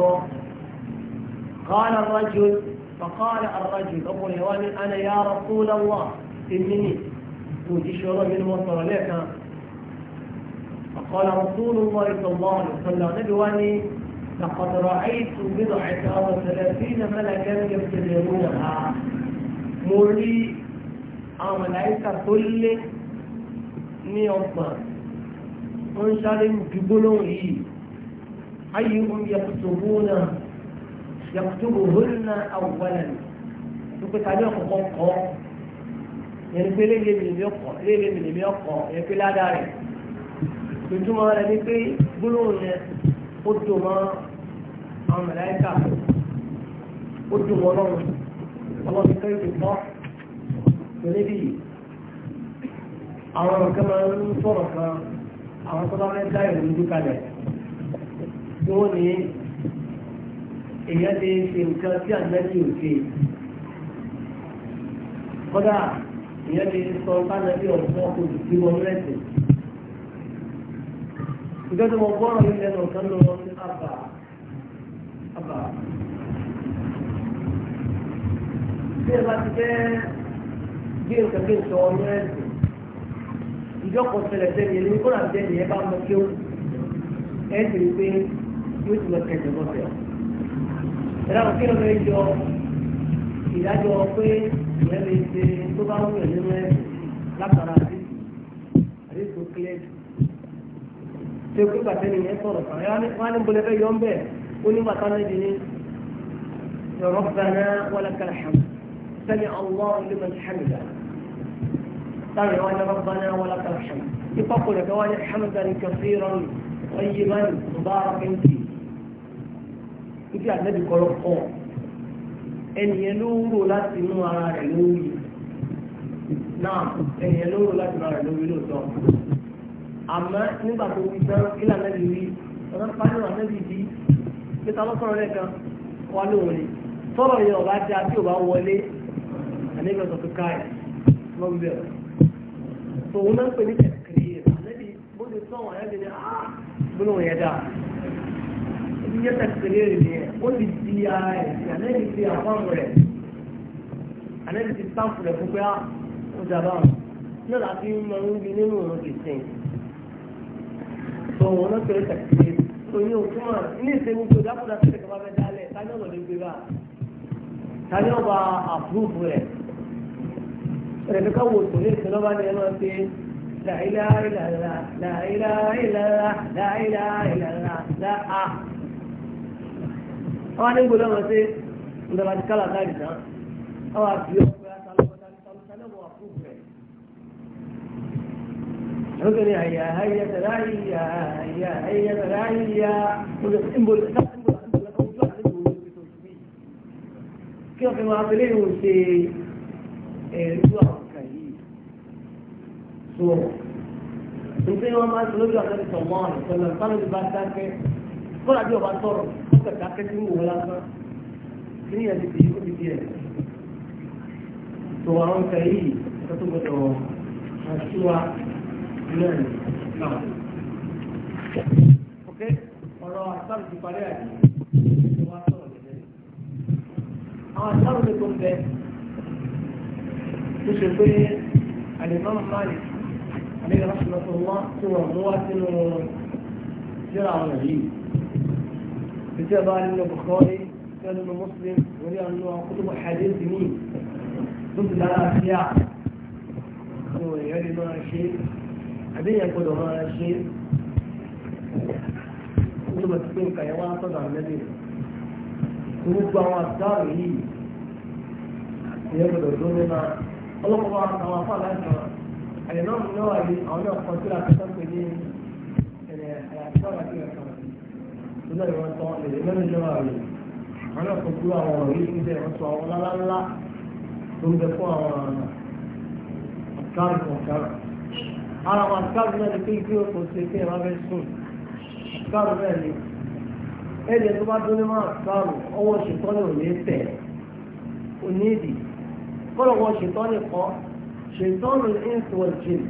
قال الرجل فقال الرجل أبو الهواني أنا يا رسول الله إنني كنت من وصل لك فقال رسول الله صلى الله عليه وسلم نبواني لقد رأيت بضعة أو ثلاثين ملكا يبتدرونها مري أو ملائكة كل نيوما منشر جبلوي أيهم يكتبونه يكتبهن أولا يقول عليه حقوقه yẹn pé léyìn èmi lèmi ọkọ léyìn èmi lèmi ọkọ yẹn pé ládàá rẹ tuntun rẹ ni pé gbólóhùn yẹn ó dùn mọ́ àwọn mẹlẹka ó dùn mọ́ lọ́rùn ti pọ pẹ̀lẹ́ bí àwọn nǹkan máa ń sọ̀rọ̀ kan àwọn tó bá fẹ́ẹ̀ dá ìròyìn dúkalẹ̀ tí wọn ní èèyàn lè ṣe nǹkan tí ànábì ò ṣe kódà èèyàn lè sọ bánàbí ọ̀pọ̀ oṣù tí wọ́n rẹ̀sìn ìjọba mo gbọ́rọ̀ yìí lẹ́nu ọ̀kan ló lọ sí àbà àbà bí ẹ bá ti fẹ́ gbé nǹkan bí nǹkan ọ̀nà ẹ̀sìn ìjọkọ̀ ṣẹlẹ̀ sẹ́ni ẹni kó làbẹ́ ni ẹ bá mọ kí ó ẹ̀ sì ń pé yóò ti lọ kẹ̀kẹ́ bọ́sẹ̀ ọ̀. ẹ̀rọ àwọn kíló lè yọ ìdájọ́ pé ìyẹn lè ṣe tó bá wù ẹ̀ nínú ẹ̀ látara àti àdéhùn kílẹ̀ tí o kíkà tẹ́lẹ̀ yẹn sọ̀rọ̀ kan ẹ̀ wá ní bolẹ́ fẹ́ yọ ń bẹ̀ ó ní bàtà náà di ní ربنا ولك الحمد سمع الله لمن حمده سمع ربنا ولك الحمد يقول لك حمدا كثيرا طيبا مباركا فيه ibi ànábì kọ́rọ̀ kọ́ ẹnìyẹn ló ń rò láti inú ara rẹ̀ lórí náà ẹnìyẹn ló ń rò láti inú ara rẹ̀ lórí lóòótọ́ àmọ́ nígbà tó wí tán kí lànàbì rí ọ̀nà pàdé ànábì bí pé ta ló sọ̀rọ̀ lẹ́ẹ̀kan wà lóhùn ni sọ̀rọ̀ yẹn ọba dá tí ò bá wọlé ànábì ọ̀sán tó káyà lọ́ bí bẹ́ẹ̀ tòun náà ń pè ní kẹ̀kẹ́ yẹn ànábì bó ti sọ̀rọ̀ ànábì ni ah gbólóhùn yẹn dáa ti yẹ tẹsílẹ̀ rẹ̀ ó ti di ara ẹ̀ sí ànẹ́bí ti àfọ́n rẹ̀ ànẹ́bí ti sáfù rẹ̀ fún pé á ah, ó dàbà náà láti máa ń rí nínú òun ìsìn tó wọn náà kéré tẹsílẹ̀ tó ní òkú mọ̀ ní ìsinmi tó dákúndà tó tẹ̀kọ́ bá fẹ́ dálẹ̀ táyọ̀ ọ̀nà lè gbé bá táyọ̀ bá àpúrúfù rẹ̀ rẹ̀ kíkọ́ wo tòlé ìsinmi ní ẹ máa ṣe láìláìláìlá láìláìláìlá láìláìláìlá láà àwọn ní gbọ́dọ̀ wọn ṣe ìjọba ti kálà káàdì náà àwọn àti ọgbẹ́ àtàlọ́gbọ́dá ní sàlùkà náà wà fún rẹ̀. lókè ní àyà àyà tẹ̀lá àyà àyà àyà tẹ̀lá àyà ìmọ̀lẹ̀ kí wọ́n fi máa fi léyìn òun ṣe ẹ̀rí tó àwọn kan yìí tó nítorí wọ́n máa ń sọ lójú àtàlẹ́sọ̀ mọ́ àlùfẹ́ lọ bọ́lá bí ọba sọ̀rọ̀ ó kẹta kẹ́kẹ́ ń wò lásán ní ẹni tí ó ti di ẹ̀ tó àwọn nǹkan yìí tó gbọdọ̀ àti wa náà ní náà. ok ọ̀rọ̀ àtàrò ti parí àjẹ́ ìwà sọ̀rọ̀ lẹ́lẹ́ àwọn àtàrò lè tó ń bẹ tó ṣe pé àlèmọ́mọ́ máa lè àlè ìrọ̀ṣùnà tó wọ́n tó wọ́n mú wá sínú síra àwọn yìí ìjọba nínú Bukhari nínú Muslim lórí àwọn akútùbọ̀ hadith ní tó ti lára sí à tó èèyàn lè máa ṣe àbíyàn gbọdọ̀ máa ṣe ó lọ sí pé nǹkan yẹn wá sọ̀dọ̀ àmẹ́lẹ̀ gbogbo àwọn àtàrà yìí èèyàn gbọdọ̀ tó ní máa ọlọ́pàá àwọn afọ aláìsàn àyẹ̀nà náà wà ní àwọn náà kan síra tó sọ pé ní ẹ̀rẹ̀ àyàtọ̀ àti ẹ̀kọ́ iná ìwọ̀n tán èdè mẹ́rin jọra rẹ̀ wọn náà kò tú àwọn ọ̀rọ̀ yìí níbẹ̀ wọ́n sọ àwọn ńláńlá tó ń bẹ fún àwọn àkáàrù kọ̀ọ̀kára ara àwọn àkáàrù náà ni pé kí o kò ṣe pé ẹ má fẹ́ sùn àkáàrù náà ni ẹni tó bá dúró máa àkáàrù ọwọ́ ṣètọ́nì ò ní tẹ̀ ò ìdì kọ́lọ̀ wọ ṣètọ́nì kọ́ ṣètọ́nì ń sọ jìn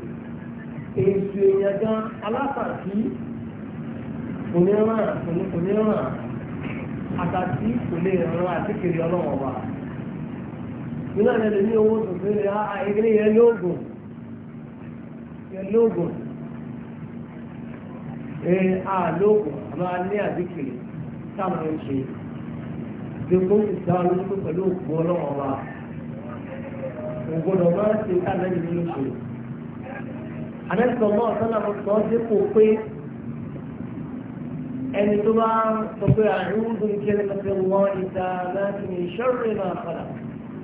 èsù èèyàn gan alásàkí kò ní ràn kò ní ràn àtàtì kò lè ràn àtìkiri ọlọ́wọ́ nínú àná lè ní owó tuntun ní ayẹyẹ yẹn lóògùn yẹn ee a lóògùn àmọ́ a ní àtìkiri táwọn ń ṣe gbogbo ìdáwọ́ lóṣù pẹ̀lú òkú ọlọ́wọ́ wa ògbọ́dọ̀ si ń ṣe káàdé ìlú lóṣù. àdéhùn sọ̀rọ̀ náà ẹni tó bá sọ pé àrùndùn kẹlẹ́ pẹ̀lú wọn ìta láti ní ṣọ́ọ̀rì máa padà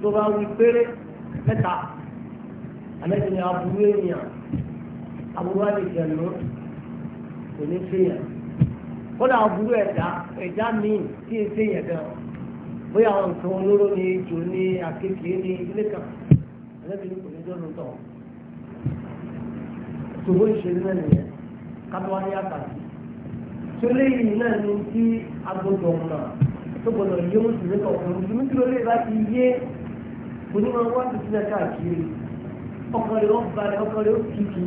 tó bá wí péré mẹ́ta àmẹ́tì ni aburú ènìyàn aburú àdìjẹ̀nu kò ní fèèyàn kódà aburú ẹ̀dá ẹ̀dá míì tí ì fèèyàn gan bóyá àwọn nǹkan olóró ni jò ní akékeré ní ilé kan àmẹ́tì ni kò ní dọ́dún tọ̀ ṣùgbọ́n ìṣèlú náà nìyẹn kápẹ́ wá ní àtàkì tẹ́lẹ̀ náà ní tí agbọ́dọ̀ mà tó gbọ́dọ̀ yé mùsùlùmí kan ọ̀pọ̀ mùsùlùmí tí lórí bá ti yé onímọ̀ wá sílẹ̀ káàkiri ọkàn rẹ̀ wọ́n balẹ̀ ọkàn rẹ̀ ó tutù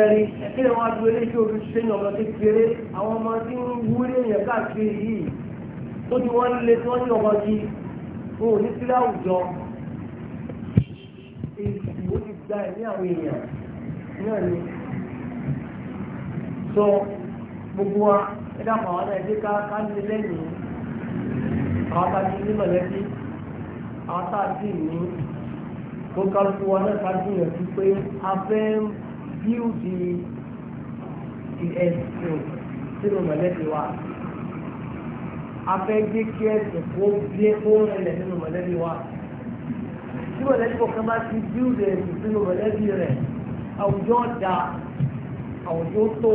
ẹ̀rí ẹ̀kẹ́lẹ̀ wọn adúlé lé kí orí ṣe ní ọmọ kékeré àwọn ọmọ tí ń wúlé yẹn káàkiri yìí ó ti wọ́n lé tí wọ́n ní ọmọ kí wọn ò ní sílẹ̀ àwùjọ ìwò ti gba ẹ̀mí àwọn gbogbo wa ẹ̀dá kan àwọn ẹ̀dí ká ká ní lẹ́yìn àwọn tá a ti ní mọ̀lẹ́bí àwọn tá a ti ní tó kálukú wa náà ká gbìyànjú pé a fẹ́ bíúdi ẹ̀sìn sínú mọ̀lẹ́bí wa a fẹ́ gbé kí ẹ̀sìn kó gbé kó rẹlẹ̀ nínú mọ̀lẹ́bí wa tí mọ̀lẹ́bí kọ̀ọ̀kan bá ti bíúdi ẹ̀sìn sínú mọ̀lẹ́bí rẹ̀ àwùjọ da àwùjọ tó.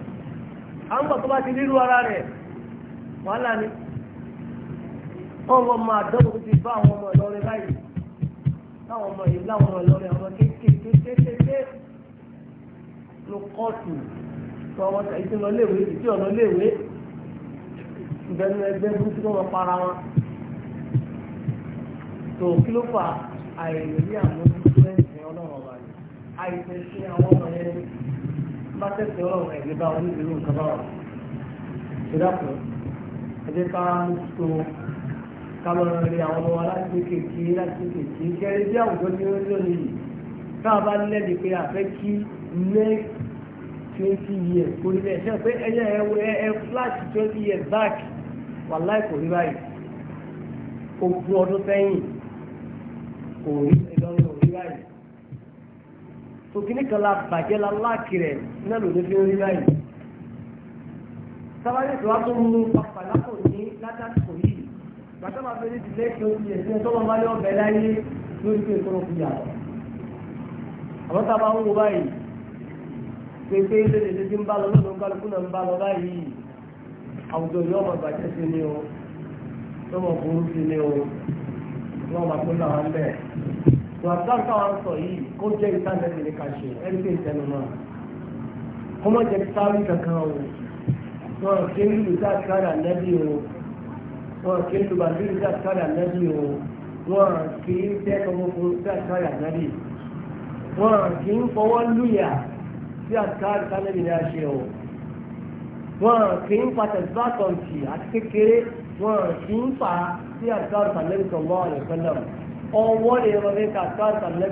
àwọn bàtọ́ bá ti rírú ara rẹ̀ wàhálà ni ọmọ ọmọ àdánwò ti bá àwọn ọmọ Ìlọrin báyìí táwọn ọmọ yìí láwọn ọmọ Ìlọrin àwọn kéékèèkéékèèké ló kọ́ọ̀tù tó àwọn tàyí tí lọ léèwé ìdí ọ̀nà léèwé ìbẹ̀nu ẹgbẹ́ burúkú tó wọn para wọn tó kí ló fà àìrí àmójútó ẹ̀sìn ọlọ́run ọ̀bàyìí àìsèṣin àwọn ọmọ yẹn bá tẹ̀sí ọlọ́run ẹ̀gbẹ́ bá wọn níbi irú nǹkan báwọn ṣe dákun ẹ jẹ́ ká ń so ká lọ rí àwọn ọmọ wa láti kéèké láti kéèké kẹrin bí àwùjọ ní lónìí yìí káà bá lẹ́ni pé àfẹ́ kí next twenty years kò ní ṣe pé ẹyẹ ẹ ẹ flash twenty years back wà láì kò rí báyìí ogún ọdún sẹ́yìn kò rí ẹ̀dọ́rin kò báyìí tòkìní kan la bàjẹ́ la láàkì rẹ̀ náà ló ní fi ń rí báyìí. sábàjẹ́ tó wá tó mú papà lápò ní látàkùn yìí bàtà máa fẹ́ẹ́ ti lẹ́ẹ̀kì oṣù yẹn sí ẹ tọ́lọ́ bá ní ọbẹ̀ láyé lórí pé kọ́nà fi yàtọ̀. àwọn tá a bá ń wo báyìí pépé lélẹ̀ tí ń bá lọ lọ́dún kálukú náà ń bá lọ báyìí àwùjọ yìí ọmọ bàjẹ́ sí ni o ọmọ burú sí ni o ọmọ àkúnlá wa ń bẹ̀ẹ́ ìwàsílámù táwọn sọ yìí kó jẹ́ ìtànẹ́tì ní ká ṣe ẹni tí ń tẹnu náà kó mọ̀ jẹ́ sáré kankan o wọn kì í lù dá sáré ànẹ́bí o wọn kì í lù bàbí lù dá sáré ànẹ́bí o wọn kì í tẹ́ ọmọ fún dá sáré ànẹ́bí wọn kì í fọwọ́ lùyà sí àkáàrí sáré ní àṣẹ o wọn kì í fa tẹ̀síwájú àti kékeré wọn kì í fa sí àkáàrí sáré ní sọ̀gbọ́n àyẹ̀kọ́ náà. ọwọ́ lè yẹn máa fi tó àṣà o ọwọ́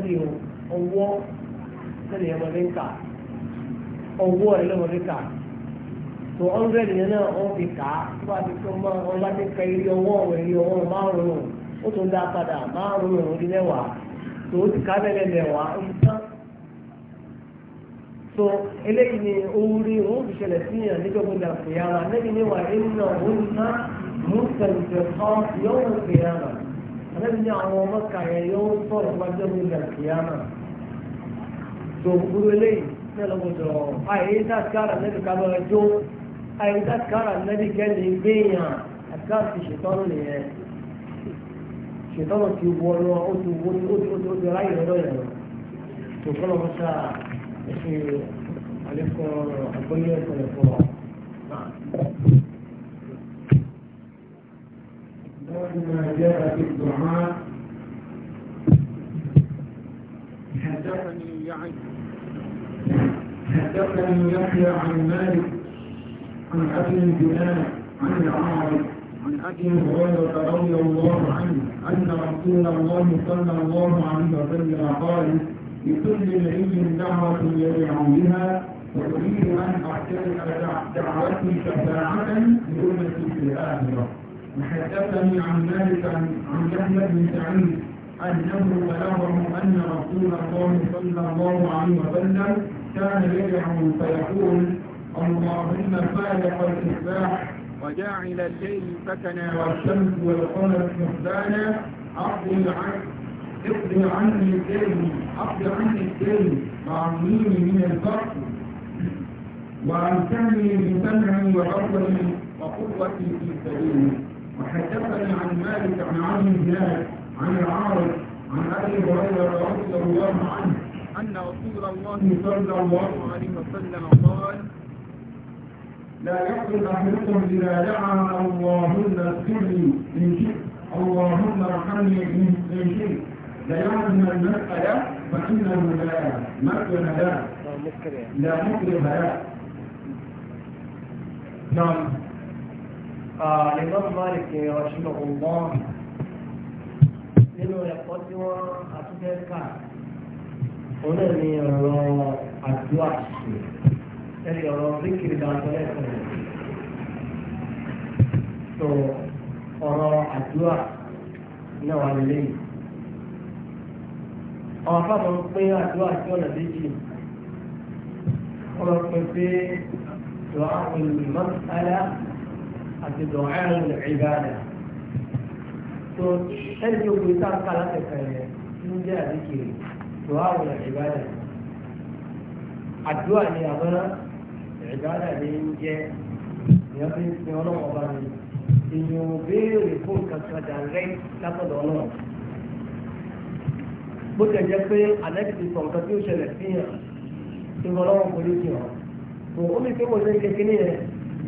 ọwọ́ tó yẹn náà wọ́n fi kà á tó bá ti tó máa bá ti ka eré ọwọ́ rẹ̀ eré ọwọ́ márùn-ún ó tún dá padà márùn-ún ó mẹ́wàá tó ó ti ká bẹ́ẹ̀ mẹ́wàá ó ti tán eléyìí ni òun fi ṣẹlẹ̀ ìjà fìyàrá lẹ́yìn níwà àlẹ́bí ní àwọn ọmọ kàyẹ yóò sọ̀rọ̀ wájú ní ilẹ̀ kìyàmà tó burú eléyìí ní ọlọ́gbọ̀dọ̀ àyè dákàrà lẹ́bi ká lọ́ọ́ jó àyè dákàrà lẹ́bi kẹ́ni gbéyàn àkáàtì ṣètọ́nù nìyẹn ṣètọ́nù ti wọ ọ ó ti wọ ó ti ó ti ráyè lọ́dọ̀ yẹn lọ tó kọ́ lọ́wọ́ sáà ẹ̀ṣin àlékún àgbọ́yé ẹ̀kọ́ ẹ̀kọ́ náà. ما جاء في الدعاء حدثني يعني حدثني يحيى عن مالك عن ابي بلال عن العارف عن ابي هريره رضي الله عنه ان رسول الله صلى الله عليه وسلم قال لكل نبي دعوه يدعو بها واريد ان احترم دعوتي شفاعه لامتي في الاخره وحدثني عن مالك عن يحيى بن سعيد انه بلغه ان رسول الله صلى الله عليه وسلم كان يدعو فيقول اللهم فارق الاصباح وجاعل الليل سكنا والشمس والقمر حسبانا اقضي اقضي عني الدين اقضي عني الليل واعطيني من الفقر وامتعني بسمعي وبصري وقوتي في سبيلي وحدثني عن مالك عن عبد الله عن العارض عن ابي هريره رضي الله عنه ان رسول الله صلى الله عليه وسلم قال لا يقبل احدكم اذا دعا اللهم اغفر لي ان شئت اللهم ارحمني ان شئت يعلم المساله فانه لا مكن لا لا مكرم لا نعم الإمام مالك رحمه الله nínú ẹ̀kọ́ tí wọ́n atúfẹ́ kà ó lè ní ọ̀rọ̀ àdúrà ṣe ẹni ọ̀rọ̀ bíkìrì dàgbọ́ ẹ̀kọ́ rẹ̀ tó ọ̀rọ̀ àdúrà náà wà lélẹ́yìn. àwọn afáàmù ń pín àdúrà sí ọ̀nà méjì wọ́n lọ pín pé dùn àwọn ìlú mọ́tàlá àti dọ̀ọ́rẹ́ ìbáàdà tó ẹni tó gbé sáńkà látẹ̀kẹ̀ rẹ̀ ń jẹ́ àdékèrè dọ̀ọ́rẹ́ ìbáàdà àdúrà ni àbọ̀nà ìbáàdà ni ń jẹ́ ìyẹn fi ń sin ọlọ́wọ́ bá mi èèyàn ò béèrè fún kankan dàrẹ́ látọ̀dọ̀ náà bó tẹ̀ jẹ́ pé àlẹ́kì ti tí ó ṣẹlẹ̀ sí yàn ìrọ̀lọ́wọ́ kò ní kí hàn kò ó ní pé mo ṣe kékeré yẹn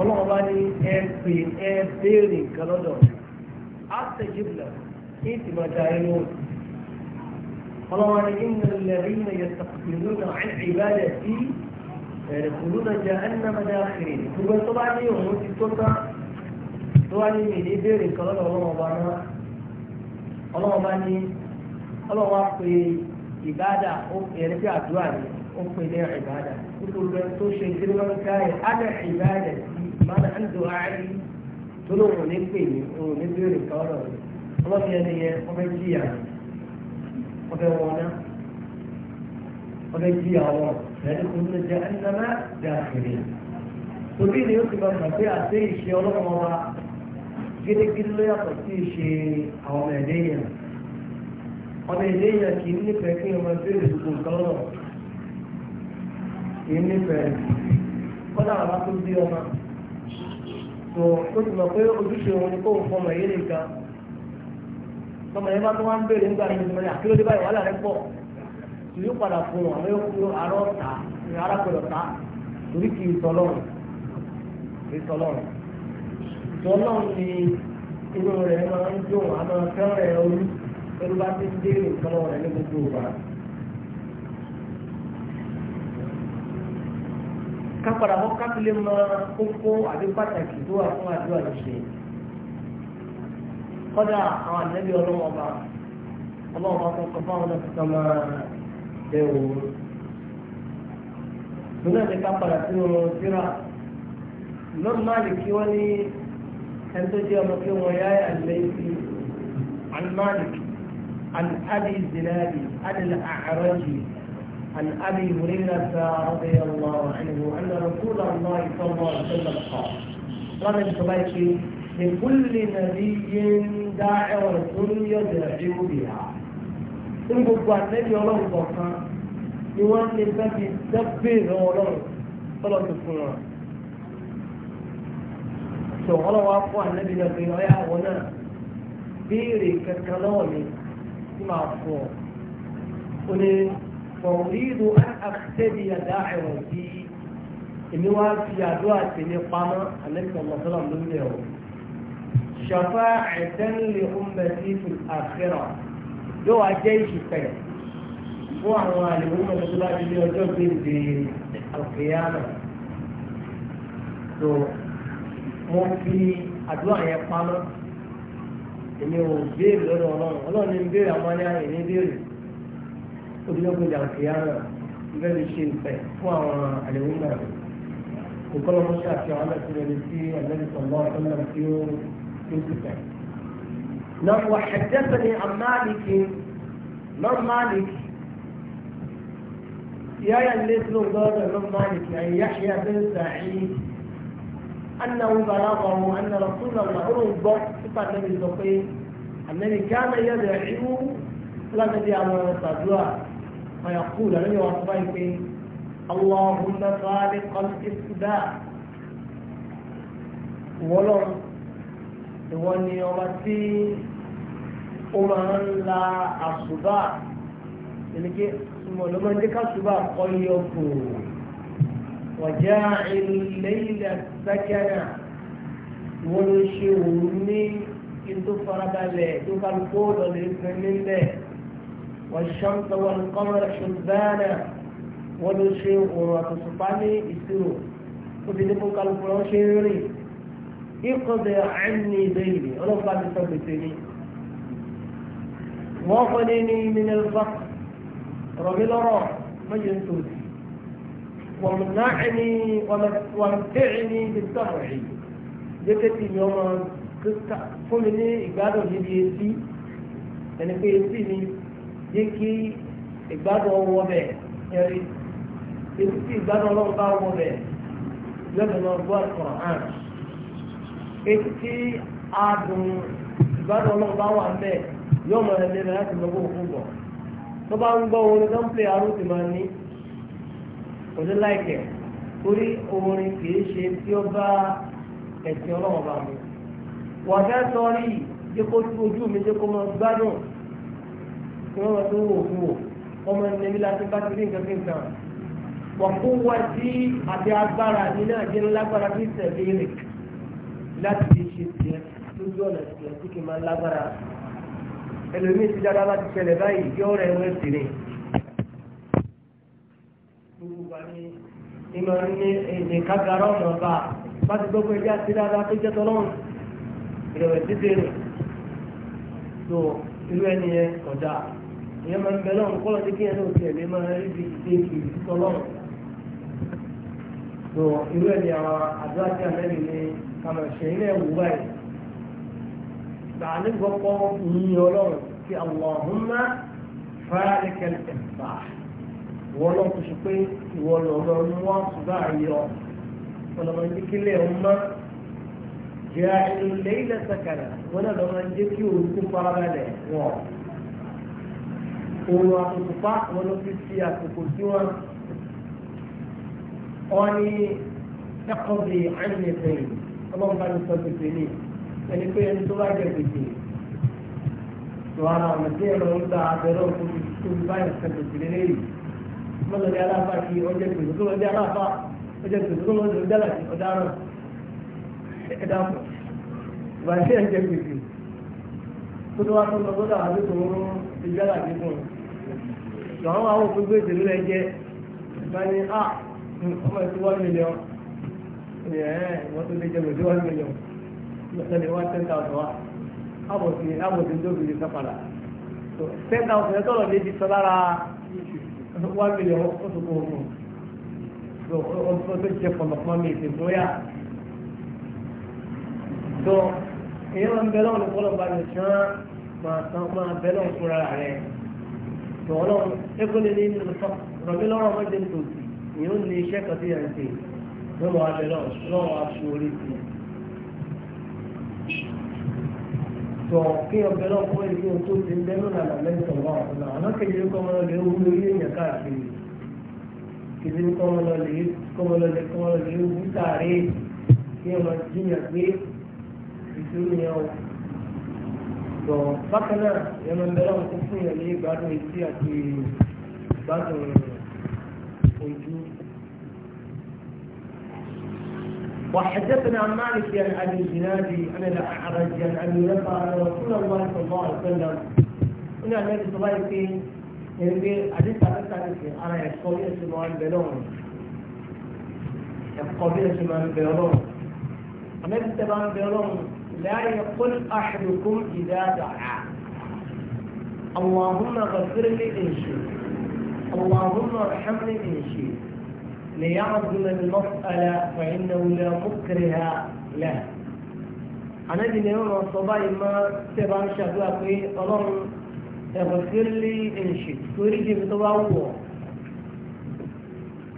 ọlọ́run bá ní ẹ pè ẹ béèrè nǹkan lọ́dọ̀ àtẹ̀jìbìlà kí n sì máa da ẹ lóhùn. ọlọ́run ní ìnà lẹ́rìí náà yẹ sàkùnrin náà ìbálẹ̀ sí ẹ̀rẹ̀kùnrin náà jẹ́ ẹnìnàmọ́dá kiri gbogbo tó bá ní òun ti tó tán tó wá ní mi ní béèrè nǹkan lọ́dọ̀ ọlọ́run bá náà ọlọ́run bá ní ọlọ́run wá pé ìbádà ó pè é àdúrà ni ó pè ní ìbádà nítorí tó ṣe kí ló ń á mọ́nà ń do àárí tó lóun ò ní pè mí òun ò ní béèrè kan ọ̀rọ̀ rẹ̀ ọlọ́fi ẹni yẹn wọ́n fẹ́ jìyà wọ́n fẹ́ wọ́n náà wọ́n fẹ́ jìyà wọn lẹ́nu kò ní jẹ ẹni náà jẹ àkèrè torí ni ó ti bá gbà àti ìṣe ọlọ́mọ wa gidigidi ló yàtọ̀ sí ìṣe àwọn ọmọ ọmọ ẹ̀dẹ́ kì í nífẹ̀ẹ́ kí ọmọ béèrè gbogbo nǹkan kì í nífẹ̀ẹ́ kọ́dà àbá tó bí ọmọ tó ó ti mọ̀ pé ojúṣe òun ni kó o fọmọ yé nìkan tọmọ yẹn bá tó wọn béèrè nígbà yìí mọ ní àkílódé báyìí wàhálà rẹ pọ̀ tùyú padà fún wọn àmọ́ yóò arọ ta ní arákùnrin ọ̀tá torí kì í sọlọ́run kì í sọlọ́run sọlọ́run ni inú rẹ̀ máa ń dùn àmọ́ fẹ́ràn olú pẹ̀lú bá ti ń dé ìkànnì rẹ̀ ní gbogbo ìgbà. ká padà bọ́ ká fi lè mọ kókó àbí pàtàkì tó wà fún àdúrà ṣíṣe kọ́dà àwọn àdébí ọlọ́wọ́ ọba ọlọ́wọ́ ọba kọ́kọ́ fáwọn náà kíkan máa bẹ òun lónà ní ká padà sínú síra lọ́nà máa lè kí wọ́n ní ẹni tó jẹ́ ọmọ kí wọ́n yá àlẹ́sí àlùmáàlì àlùmáàlì ìzìlẹ̀ àdìlẹ̀ àárọ̀ yìí. عن أبي هريرة رضي الله عنه أن رسول الله صلى الله عليه وسلم قال قال الشبيكي لكل نبي دعوة يدعو بها ń gbogbo àtẹ́bí ọlọ́run kọ̀ọ̀kan ni wọ́n lè fẹ́ fi dẹ́bẹ̀rẹ̀ ọlọ́run tọ́lọ̀ tó fún wọn. tó ọlọ́wọ́ á fún àtẹ́bí náà pé ọyá àwọn náà béèrè kankan lọ́wọ́ mi tí màá fún ọ. ó ní فأريد أن أقتدي داعي الدين èmi wá fi àdúrà tèmi pamọ́ alẹ́kùn ọ̀sọ́lá lórí ẹ̀rọ ṣàfà ẹ̀tẹ́nlẹ̀ ọmọbẹ̀tì fún àfẹ́rà yóò wá jẹ́ ìṣùpẹ̀ fún àwọn àlèkùn ọ̀sọ́lá láti ilé ọjọ́ gbèǹde àfẹ́yàmà tó mo fi àdúrà yẹn pamọ́ èmi ò béèrè lọ́dọ̀ ọlọ́run ọlọ́run ní ń béèrè àwọn ayé àyè ní béèrè. اليوم اللي القيامة قال الشيء الفيح وعلى عليهم وكل مشاة في عمل في صلى الله عليه وسلم في يوم يوسف نعم وحدثني عن مالك نعم مالك يا يا اللي اسمه دوله نعم مالك يعني يحيى بن سعيد انه بلغه ان رسول الله ربا كتب النبي الزقي انني كان يدعو لا تدري على رسول الله فيقول لي وصفيك اللهم خالق الإسداء ولن وني ومتي ومن لا أصبع لكي لمن ذكر أصبع قيوك وجاعل الليل سكنا ونشئ ní ìtò farabalẹ̀ tó kálukó lọ́lẹ̀ والشمس والقمر حسبانا ونشيء وتصفاني السرو وبدكم قالوا فلان شيري اقضي عني ديني انا قاعد يثبتني وغنني من الفقر رمي الراح ما ينتوزي ومنعني ومتعني بالدرع جكتي يوم كنت فمني إقادة جديتي يعني في يسيني jẹ́ kí ìgbádùn ọwọ́ bẹ̀ ẹ̀rí èyí tí ìgbádùn ọlọ́run bá wọ bẹ̀ lọ́dọ̀ lọ gbọ́ àkùrọ̀ hàn èyí tí adùn ìgbádùn ọlọ́run bá wà bẹ̀ yóò mọ ẹni rẹ̀ láti lọ́gbọ́ òkú bọ̀ tó bá ń gbọ́ orin tó ń pè arú ti máa ní kò ní láìkẹ̀ torí orin kìí ṣe tí ó bá ẹ̀sìn ọlọ́run bá mu wàá fẹ́ sọ rí ojú mi jẹ́ kó mọ gbádùn tí wọ́n máa tó wò fún wò ọmọ nẹ́bí láti bá ti rí nǹkan fi nǹkan wà kó wá sí àti agbára ní náà jẹ́ lágbára bí tẹ̀lé rẹ̀ láti fi ṣe tiẹ̀ lójú ọ̀nà tiẹ̀ tí kì í máa lágbára ẹlòmíì ti dára láti ṣẹlẹ̀ báyìí yọ ọ̀rẹ́ wọn sì ni. gbogbo wa ni ìmọ̀ ní èdè kágara ọ̀nà ọba bá ti gbọ́ pé ẹjẹ́ àti dáadáa tó jẹ́ tọ́lọ́run ìrẹ̀wẹ̀sì dèrè. tó irú ẹni yẹn kọjá ìyẹn máa ń bẹ lọ́run kọ́lọ́ tí kíyẹn náà tẹ̀lé máa rí bí ìdè kì í sọ lọ́run. tó irú ẹni àwọn àdúrà tí a mẹ́rin ní kàmá ṣe ilé ẹ̀wù báyìí. tààlí gbọ́pọ́ yíyan ọlọ́run tí Allahumma fáríkẹ́ ẹ̀fà wọ́n lọ́n kò ṣe pé ìwọ lọ́rọ̀ ọlọ́run wọ́n náà lọ́rọ̀ òun àkókò pa àwọn ló fi fi àkókò sí wọn. wọ́n ní ẹ̀kọ́ bíi àìní ìfẹ̀yìn ọlọ́run bá mi sọ pèsè ní ẹni pé ẹni tó bá jẹ pèsè wàhálà ọ̀nà tí ẹ̀rọ ń gba abẹ́rẹ́ òkun tó ń bá ìsẹ̀ pèsè lé lẹ́yìn. mọ́tòdì aláfa kí ọjọ́ pèsè tó lọ́jọ́ aláfa ọjọ́ pèsè tó lọ́jọ́ ìdálà ọ̀daràn ẹ̀dá pọ̀ ìbàdí ẹ̀jẹ̀ pèsè tó tó wá tó lọ gbọ́dọ̀ àdúgbò ìdálà dínkù tó àwọn àwọn òfin gbèsè ló lẹ jẹ bá à ọmọ ìtú one million ẹ ẹ wọn tó lè jẹ lòdì one million lọ́dẹ̀ wá ten thousand wa àbòsí àbòsí ń tóbi nìkan ten thousand ẹ̀tọ́ lọ́dẹ̀ ti sọ lára one million ó tó kó o mú tó o tó jẹ pọ̀lọpọ̀ mi ìsìn tó tó èyí máa bẹ lọ́wọ́ ní kọ́lọ́ bá mi sàn máa sàn máa bẹ lọ́wọ́ fúnra rẹ̀ tọ́lọ́ ẹgbẹ́ni ní inú sọ rọ̀mí lọ́rọ̀ mọ́jẹ́ ní tòsí ìyẹn ó ní iṣẹ́ kan tí yà ń ṣe ló lọ́wọ́ abẹ náà lọ́wọ́ aṣọ orí ti. tọ́ kí ọbẹ̀ náà fún ẹni tó ti ń bẹ́ lọ́nà àlàmẹ́ sọ̀rọ̀ àkùnà àná kejì ní kọ́mọ lọ́lẹ̀ ewu lórí èèyàn káàkiri kejì ní kọ́mọ lọ́lẹ̀ kọ́mọ lọ́lẹ̀ kọ́mọ kí ọmọ jíyàn tọ̀ bákan náà ẹnu ẹgbẹ́ náà tó fún yẹn ní gbádùn etí àti gbádùn ojú. وحدثنا عن مالك عن ابي الزناد عن الاعرج عن ابي رفع عن رسول الله صلى الله عليه وسلم ان النبي صلى الله عليه وسلم يعني حديث عن انا يقول اسمه البلون يقول اسمه البلون النبي عليه وسلم لا يقل أحدكم إذا دعا اللهم غفر لي إن شئت اللهم ارحمني إن شئت ليعظم المسألة فإنه لا مكره له أنا دي يوم الصباح ما تبان شكوى في اللهم اغفر لي إن شئت تريد الله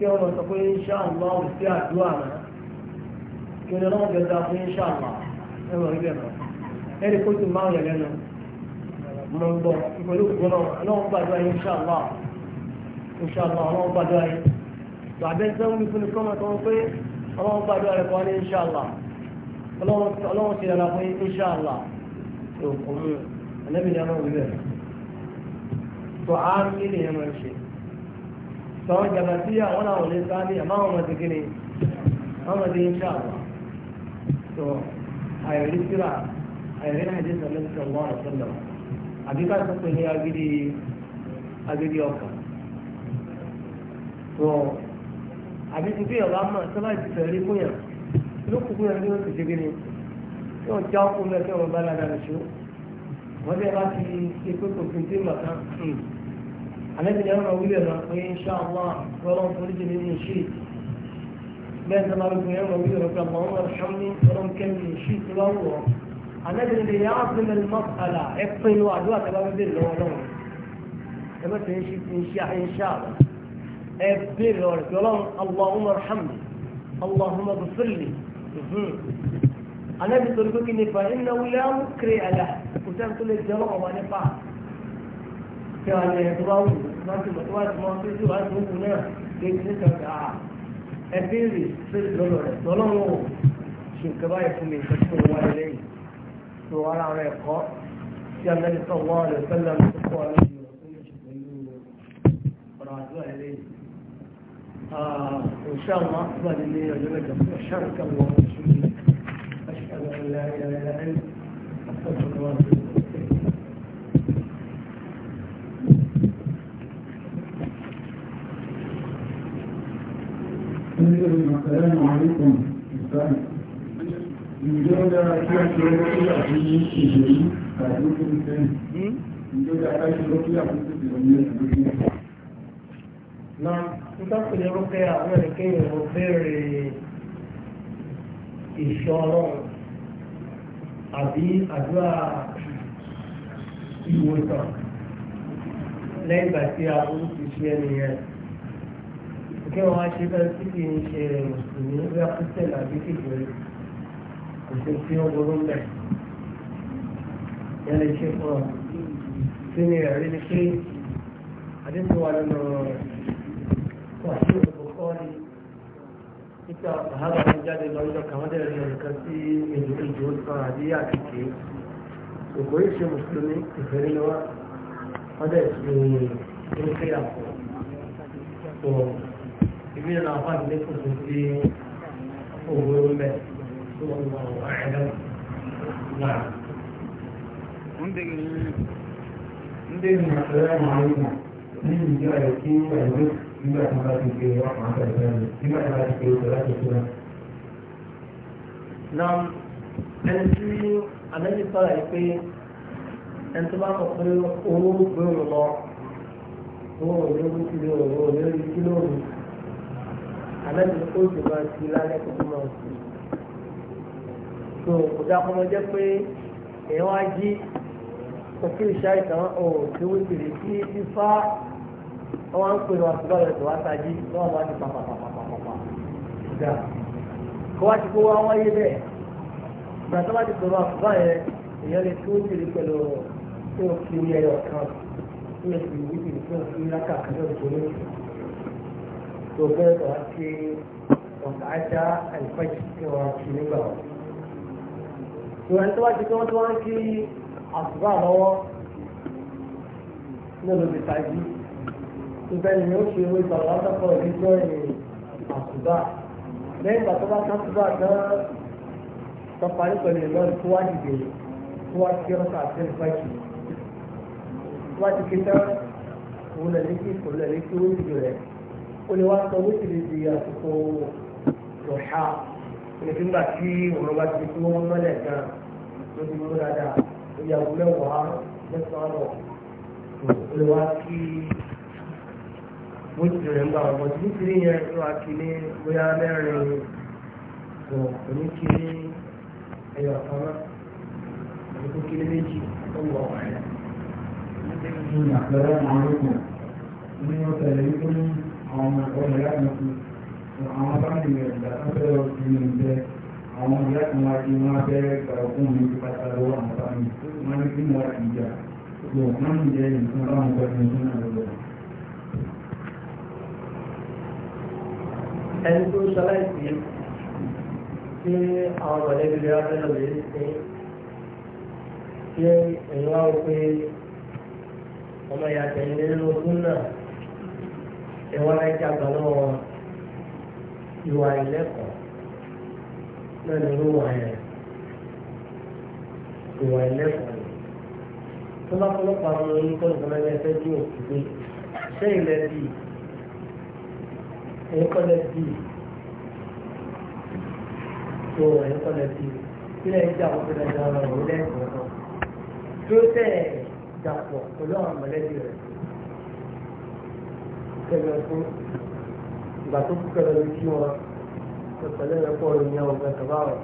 كما تقول إن شاء الله وفي أدوانا كنا نغفر إن شاء الله ẹ̀rọ ìbẹ̀ mọ́ ẹ̀rí kó tún máa yẹ lẹ́nu mo ń bọ̀ ìpẹ̀lú ògbọ́n náà ọlọ́run gbàdúrà yín ṣàlá ìṣàlá ọlọ́run gbàdúrà yín bàbẹ́ sẹ́wọ́n mi fún mi kọ́mọ̀ tó ń pé ọlọ́run gbàdúrà rẹ̀ kọ́ ní ìṣàlá ọlọ́run ti yàrá fún ìṣàlá òkú mu ẹlẹ́bi ni ọlọ́run bíbẹ̀ tó á ní ilé yẹn máa ń ṣe tọ́wọ́ jàmbá sí àwọn àwọn ilé sáà ní àmọ́ àwọn ọmọdé kí ni àwọn ọmọdé ìṣàlá tó àìrí síra àìrí àìdí sọlẹ́sọ̀ wọn àtọ́lọ̀ àbí ká sọ pé ní agídí agídí ọkàn tó àbí bí ọ̀rọ̀ àmọ́ sábà ti fẹ́ rí fúnyàn lókùn fúnyàn ní oṣù ṣégé ni tí wọ́n já ọkùnrin lọ sí ọmọ bá ládàá lọ́sọ wọ́n dẹ́ bá ti ṣe pé kò fi ń tẹ́ màkà àlẹ́ ti ní ọ̀rọ̀ wílẹ̀ náà pé ń ṣá wọn wọ́n lọ́n forí jẹ́ nínú ìṣe ìtì bẹ́ẹ̀ sọ́mọ́ ọdún yẹn wọ́n bí ọ̀rọ̀ mọ́ ọ̀rọ̀ ṣọ́ni ọ̀rọ̀ kẹ́mi ṣì tó bá wọ̀ anábìrin lè yá ọ́pẹ́ mẹ́rin mọ́ àlà ẹ pé inú àdúrà tó bá wọ́n bèèrè lọ́wọ́ lọ́wọ́ ẹ bẹ́ẹ̀ tẹ̀ ń ṣe ń ṣe àyínṣà ẹ bèèrè ọ̀rọ̀ tí ọlọ́run allahumma rahmi allahumma bufirli anábìrin tó dúró kí ni fa iná wíyá ń kiri àlà kò sẹ́ni tó lè jẹ́ ọlọ́run wà nípa kí wàá lè tó bá wù wá ti mọ̀ tó wá ti mọ̀ tó wá ti mọ̀ ẹbí rè fèrè lọ́dọ̀ rẹ̀ lọ́lọ́run ò ṣe nǹkan báyìí fún mi nǹkan tí mo wá lé lẹ́yìn tó ara rẹ̀ ẹ̀kọ́ tí abẹ́ni sọ wọ́n rẹ̀ fẹ́lẹ̀ mi tó pọ̀ lórí ọ̀rọ̀ tó lè ṣe pẹ̀lú ọ̀rọ̀ àdúrà lẹ́yìn. òṣà wọn àdúrà nílé ọjọ́ mẹ́jọ fún ọ̀ṣà nǹkan wọn ṣe ní ẹ̀ṣẹ̀ Assalamu alaikum. Ǹjẹ́ ó dára kí a ṣe ọlọ́píà fún ìṣèlú tàbí ó kéré sẹ́yìn? Ǹjẹ́ ó dára kí a ṣe ọlọ́píà fún ìṣèlú ní ẹ̀sùn tó kéré? Na, ń tọ́pẹ̀ lérò pé àwọn ẹ̀kẹ́yìn ò béèrè ìṣọ́rọ̀ àbí àdúrà ìwòsàn lẹ́yìn ìgbà tí a burú ti ṣe ẹni yẹn. kí wọ́n á ṣe bẹ́ẹ̀ tí kì í ṣe mùsùlùmí nígbà kristian àbí kékeré kò sí tí ó burú mẹ́. yẹn lè ṣe fún ọ kí ni ẹ̀rí ni pé àdéhùn wà nínú wàásù òkòkò ni nípa àhábà tó jáde lọ́jọ́ kàwọ́dẹ̀ rẹ̀ nìkan sí èdè ìjọ kan àbí àkèké òkò yìí ṣe mùsùlùmí ìfẹ́rẹ́ lọ́wọ́ wọ́n dẹ̀ ṣe é ní kéyàpọ̀. bí ẹ̀rọ àwọn àdúgbò kò tó sí owó mẹ́ tó wọ́n wọ́n ẹ̀dá náà. Ndé ni ìṣẹ̀lẹ̀ máa ń mọ̀ ní ìjọ ẹ̀ kí ẹ̀rọ nígbà tí wọ́n bá ti gbé ọkàn àtẹ̀lẹ́ rẹ̀ nígbà tí wọ́n bá ti gbé ọkàn àtẹ̀lẹ́ rẹ̀. Nam ẹni tí Adébí sọ̀rọ̀ yìí pé ẹni tó bá mọ̀ pé owó gbé òun lọ, owó òun ló ń kí lóòrùn, owó òun ló ń kí lóòrùn àmẹ́ni ó sì máa ti lálẹ́ kó tó máa sùn. tó kò dáa kọ́ mọ jẹ́ pé èèyàn wá jí òkè ìṣá ìtàn ò tí wọ́n ti lè kí fífá wọ́n á ń pè wá síbáà rẹ̀ tó wá tají lọ́wọ́ wá ti pàpàpàpàpàpà. kó wá ti kó wá wáyé bẹ́ẹ̀ ìgbà tó bá ti sọ̀rọ̀ àkùbá yẹn èèyàn lè tó tìrì pẹ̀lú tí ó kiri ẹyọ kan tí ó sì wí tìrì tí ó kiri lákàkiri òṣèlú domin da wace wakata alfashi cewa shi nígbà wọn. ìwọ̀n tó wá ti tán tó wá ń kí àsùbá lọ́wọ́ ní olùdí tàbí ìgbà ni ó ṣe wé bàbá sọ́kọ̀ ìjọ ìrìn àsùbá lẹ́yìn ìgbà tó bá tán tó bá tán tán parí pẹ̀lú ìlọrin tó wá dìde tó wá kí ọkọ̀ àti alfashi tó wá ti kí tán òun lẹ̀ ní kí kò lẹ̀ ní kí ó dìde rẹ̀ ó lè wá sọ ní tìlẹ̀ di àsìkò ìrọ̀ṣà nígbà tí òun bá ti fi wọ́n mọ́lẹ̀ gan ló ti mú dáadáa ó yà wú mẹ́wàá mẹ́sàn-án lọ ó lè wá kí bó ti rẹ̀ ń bá wọn bọ̀ tí ní tìlẹ̀ yẹn ló wá kí ní bóyá mẹ́rin kò ní kí ní ẹyọ kan náà àdúgbò kí ní méjì ó wọ̀ ọ̀rẹ́. Assalamu alaikum. Ní ọ̀sẹ̀ yìí ó ní àwọn ọmọ ìyá kan sí àwọn báńkì rẹ̀ ìgbà tó fẹ́ lọ sí inú jẹ́ àwọn ìyá kan wá sí wọn abẹ́rẹ́ gba òkun mi ti pátá lọ́wọ́ àwọn báńkì wọn ní kí wọn ti jà lọ wọn ń jẹ nǹkan báwọn gbọ́dọ̀ ní náà lọ. ẹni tó ṣaláìsí tí àwọn mọ̀lẹ́bí rẹ̀ wá fẹ́ lọ ọmọ ìyá tẹ̀lé náà ẹ̀wọ́n náà jẹ́ àgbà lọ́wọ́ ìwà ẹ̀lẹ́kọ̀ọ́ náà ní ìwà ẹ̀ ìwà ẹ̀lẹ́kọ̀ọ́ ni. tó bá fọlọ́pàá àwọn orúkọ nǹkan náà ẹgbẹ́ tí ò fi gbé ṣé ilẹ̀ bì ẹ̀yìnkọ́lẹ̀ bì tó ẹ̀yìnkọ́lẹ̀ bì ilẹ̀ ìjà òkú lẹ́jọ́ ọ̀rọ̀ ìlẹ́kọ̀ọ́ náà tó tẹ̀ dàpọ̀ pẹ̀lú àwọn mọ̀lẹ́bí rẹ̀ kẹlẹ fún ìgbà tó kú kẹlẹ lójú wọn pẹ̀lú ẹ̀kọ́ ọ̀rọ̀ ìyẹn ọ̀gbẹ́ tọ́ba wọn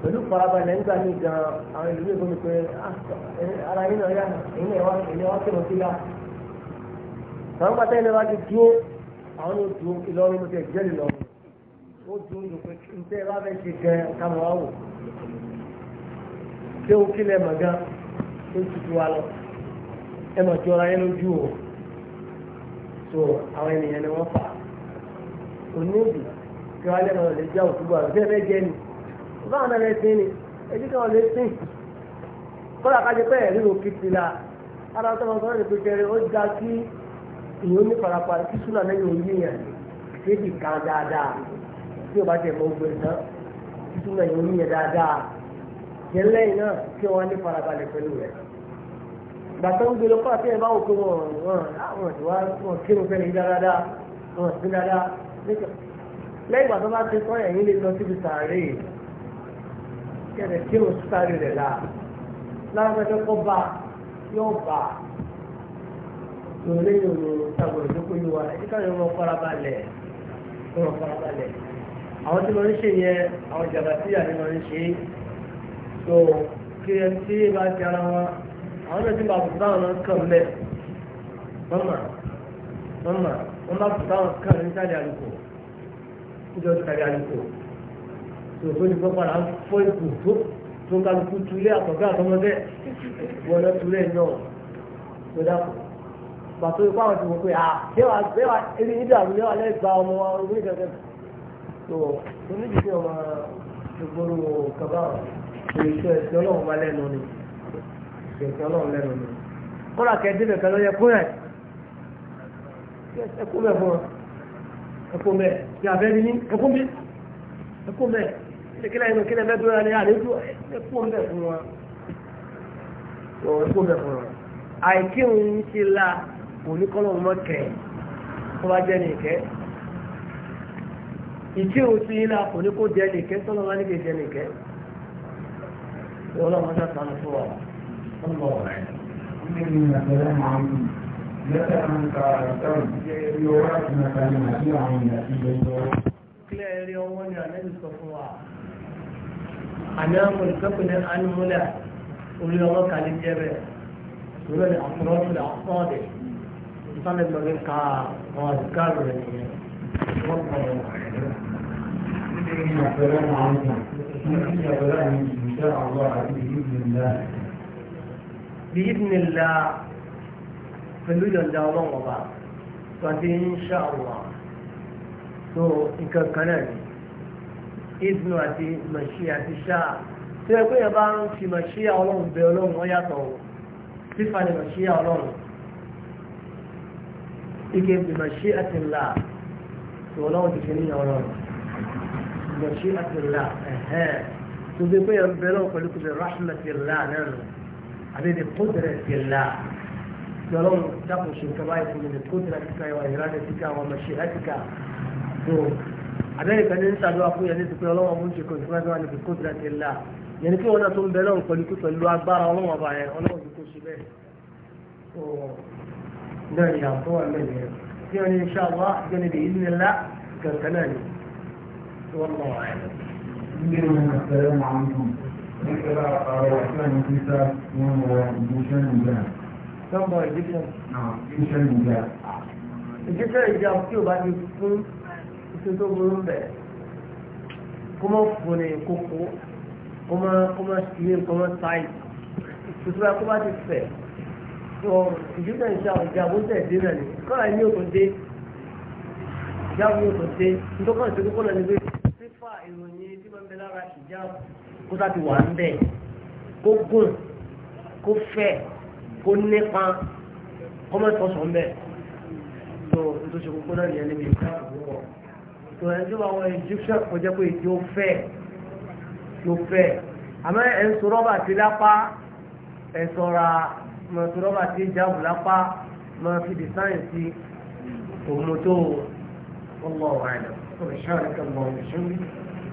pẹ̀lú farabalẹ̀ nígbà ní gan àwọn ìlú èkó ni pé ah, ara yín náà yá ilé wa ilé wa kẹrọ sí la àwọn pátá ilé wa ti dúró àwọn yóò dúró Ìlọrin ló ti ẹ̀jẹ̀ lè lọ ó dúró ló pé ntẹ́ ẹ bá fẹ́ ṣe gan kámọ́ wa wò ṣé o kílẹ̀ mọ̀ gan ó ti tu wa lọ ẹ mọ̀ jọra yẹn lójú o so àwọn ènìyàn ni wọ́n fà á oníbi kí wọ́n á lẹ́nu ọ̀lẹ́ jẹ́ òtúbọ̀ àti ẹ̀fẹ́ jẹ́ ni báwọn náà lè sin ni èyí kí wọ́n lè sìn kọ́lá kájọ pé ẹ̀rí òkè ti la ara tó máa sọ̀rọ̀ nípa jẹrẹ ó dá kí ìyóní farapa kí súnà lẹ́yìn orí yẹn kéèkì kan dáadáa tí o bá tẹ̀ mọ́ ogun ìtàn kí súnà yẹn orí yẹn dáadáa jẹ́ lẹ́yìn náà kí wọ́n ní farabalẹ̀ pẹ̀lú rẹ̀ bàtà ń gbélé kọ́ra tí ẹ bá wò pé wọ́n àwọn ìwà wọn kírun fẹ́ni dáadáa wọn sí dáadáa lẹ́yìn ìgbà tó bá ti tán ẹ̀yìn lè lọ síbi sàárè kẹ̀lẹ̀ kírun sáré rẹ̀ la lágbẹ́jọ́ kọ́ bá yóò bá lórí ìròyìn ìtàgbọ̀n tó kó yíwa ẹ̀ kíkà yóò fara balẹ̀ yóò fara balẹ̀ àwọn tí wọ́n ń ṣe yẹn àwọn jàmbá tí yàrá wọn ń ṣe tó kí ẹ ti bá ti ara wọn àwọn náà bá àbùkù táwọn kàn mẹ́ wọ́n mà wọ́n bá àbùkù táwọn kàn ní sáré àlùkò níjọ́ sáré àlùkò tòótó ní pọ́pọ́ là fọ́ ipò tó tó kálukú tulé àtọ̀gá àtọmọdé wọ́n lọ tulé náà dàpọ̀ pàtó ipá àwọn ti wọ pé ah léwà léwà ebi níbi àwọn léwà lẹ́yìn gba ọmọ wa orí gẹ́gẹ́ tó onídìí ọmọ ìgboro kaba ìṣe ìṣe ọlọ́run wa lẹ́nu ni gbẹ̀sẹ̀ ọlọ́run lẹ́nu ni kọ́lá kẹ́ẹ́dé bẹ̀ẹ̀ kẹ́lọ́ yẹ kú rẹ̀ ẹkú bẹ̀ fún ọ ẹkú bẹ̀ kí abẹ́ mi ní ẹkú mi ẹkú bẹ̀ kílẹ̀ inú kílẹ̀ bẹ́ẹ̀ dúró ní àlejò ẹkú bẹ̀ fún wa ẹkú bẹ̀ fún wa àìkírun ti la òní kọ́lọ́ mọ́ kẹ̀ kó bá jẹ́ nìkẹ́ ìkírun ti la òní kó jẹ́ nìkẹ́ tọ́lọ́ wá ní kò jẹ́ nìkẹ́ ìwọ́n náà wọ́n sá fún wa. Kílẹ̀ eré ọwọ́ ni àlẹ́bí sọ fún wa. Àná mọ̀lùkẹ́kùnrin Anúmúlẹ̀ orí ọmọ kàlí jẹ́ bẹ̀. Ìwé ni àkùrọ́sì àkọ́ọ̀dẹ̀. Ìfàlẹ̀ gbọ̀gbẹ̀ ka àwọn àdìkárò rẹ̀ nìyẹn. Wọ́n kọ̀ ọ́. Ní ìyàpẹ̀rẹ̀ máa ń gbà. Ní ìyàpẹ̀rẹ̀ mi ìṣẹ́ àwọn àti ìlú ìlú náà. بإذن الله فلولا الله وضع فإن شاء الله تو إن كان كناني إذن أتي مشيئة الشاء tí ẹ pé yẹn bá ń fi màṣíà ọlọ́run bẹ ọlọ́run wọ́n yàtọ̀ o fífa ni màṣíà ọlọ́run ike bí màṣíà ti là tí ọlọ́run ti fi níyàn ọlọ́run màṣíà ti là ẹ̀hẹ́n tó bí pé yẹn bẹ ọlọ́run pẹ̀lú kùsùn rahmatillah náà nù àbí ibi kódìrẹ ti la yọlọ́run dákun ṣe nǹkan báyìí fún mi ibi kódìrẹ ti ká ìwà ìrádẹ ti ká àwọn ọmọọṣẹ láti ká tó àbẹ́rẹ́ kan ní ń sàdúrà fún yẹn ní ti pé ọlọ́wọ́n mú ṣe kò ní fúnra ní ibi kódìrẹ ti la yẹn ni kí wọn náà tó ń bẹ lọ́run pẹ̀lú kí pẹ̀lú agbára ọlọ́wọ́n bá yẹn ọlọ́wọ́n ti kó ṣe bẹ́ẹ̀ tó náà ni àtọ́ wà mẹ́rin yẹn tí wọ́n insha Allah gẹ́ni bí ìlú ńlá kankan náà ni wọ́n mọ̀ wáyé. Sọ́mbọ̀ Egyptian India. Egyptian India tí ò bá ti fún iṣẹ́ tó burú bẹ̀. Kó mọ́ fún ní kókó, kó mọ́ sílé, kó mọ́ táì. Tuntun kó bá ti fẹ̀. Sọ Egyptian India ọ̀jà bó tẹ̀ dé náà ni. Kọ́ra ní òkun dé. Ìjáàbù ní òkun dé. Ntọ́kọ̀ ìṣèkókó náà ni pé fífà ìròyìn tí máa ń bẹ lára ìjáàbù kó sáà ti wà ń bẹ̀ kó gùn kó fẹ̀ kó nípa kó mọ́ ìfọ̀sọ̀ ń bẹ̀ tó n tó ṣe kókó náà nìyẹn níbi ìka àbúrò tó ẹni tó bá wọ egyptian kò jẹ́ pé tí ó fẹ́ tí ó fẹ́ àmọ́ ẹ̀ ń sọ rọ́bà ti lápá ẹ̀ sọ̀ra mọ̀ sọ rọ́bà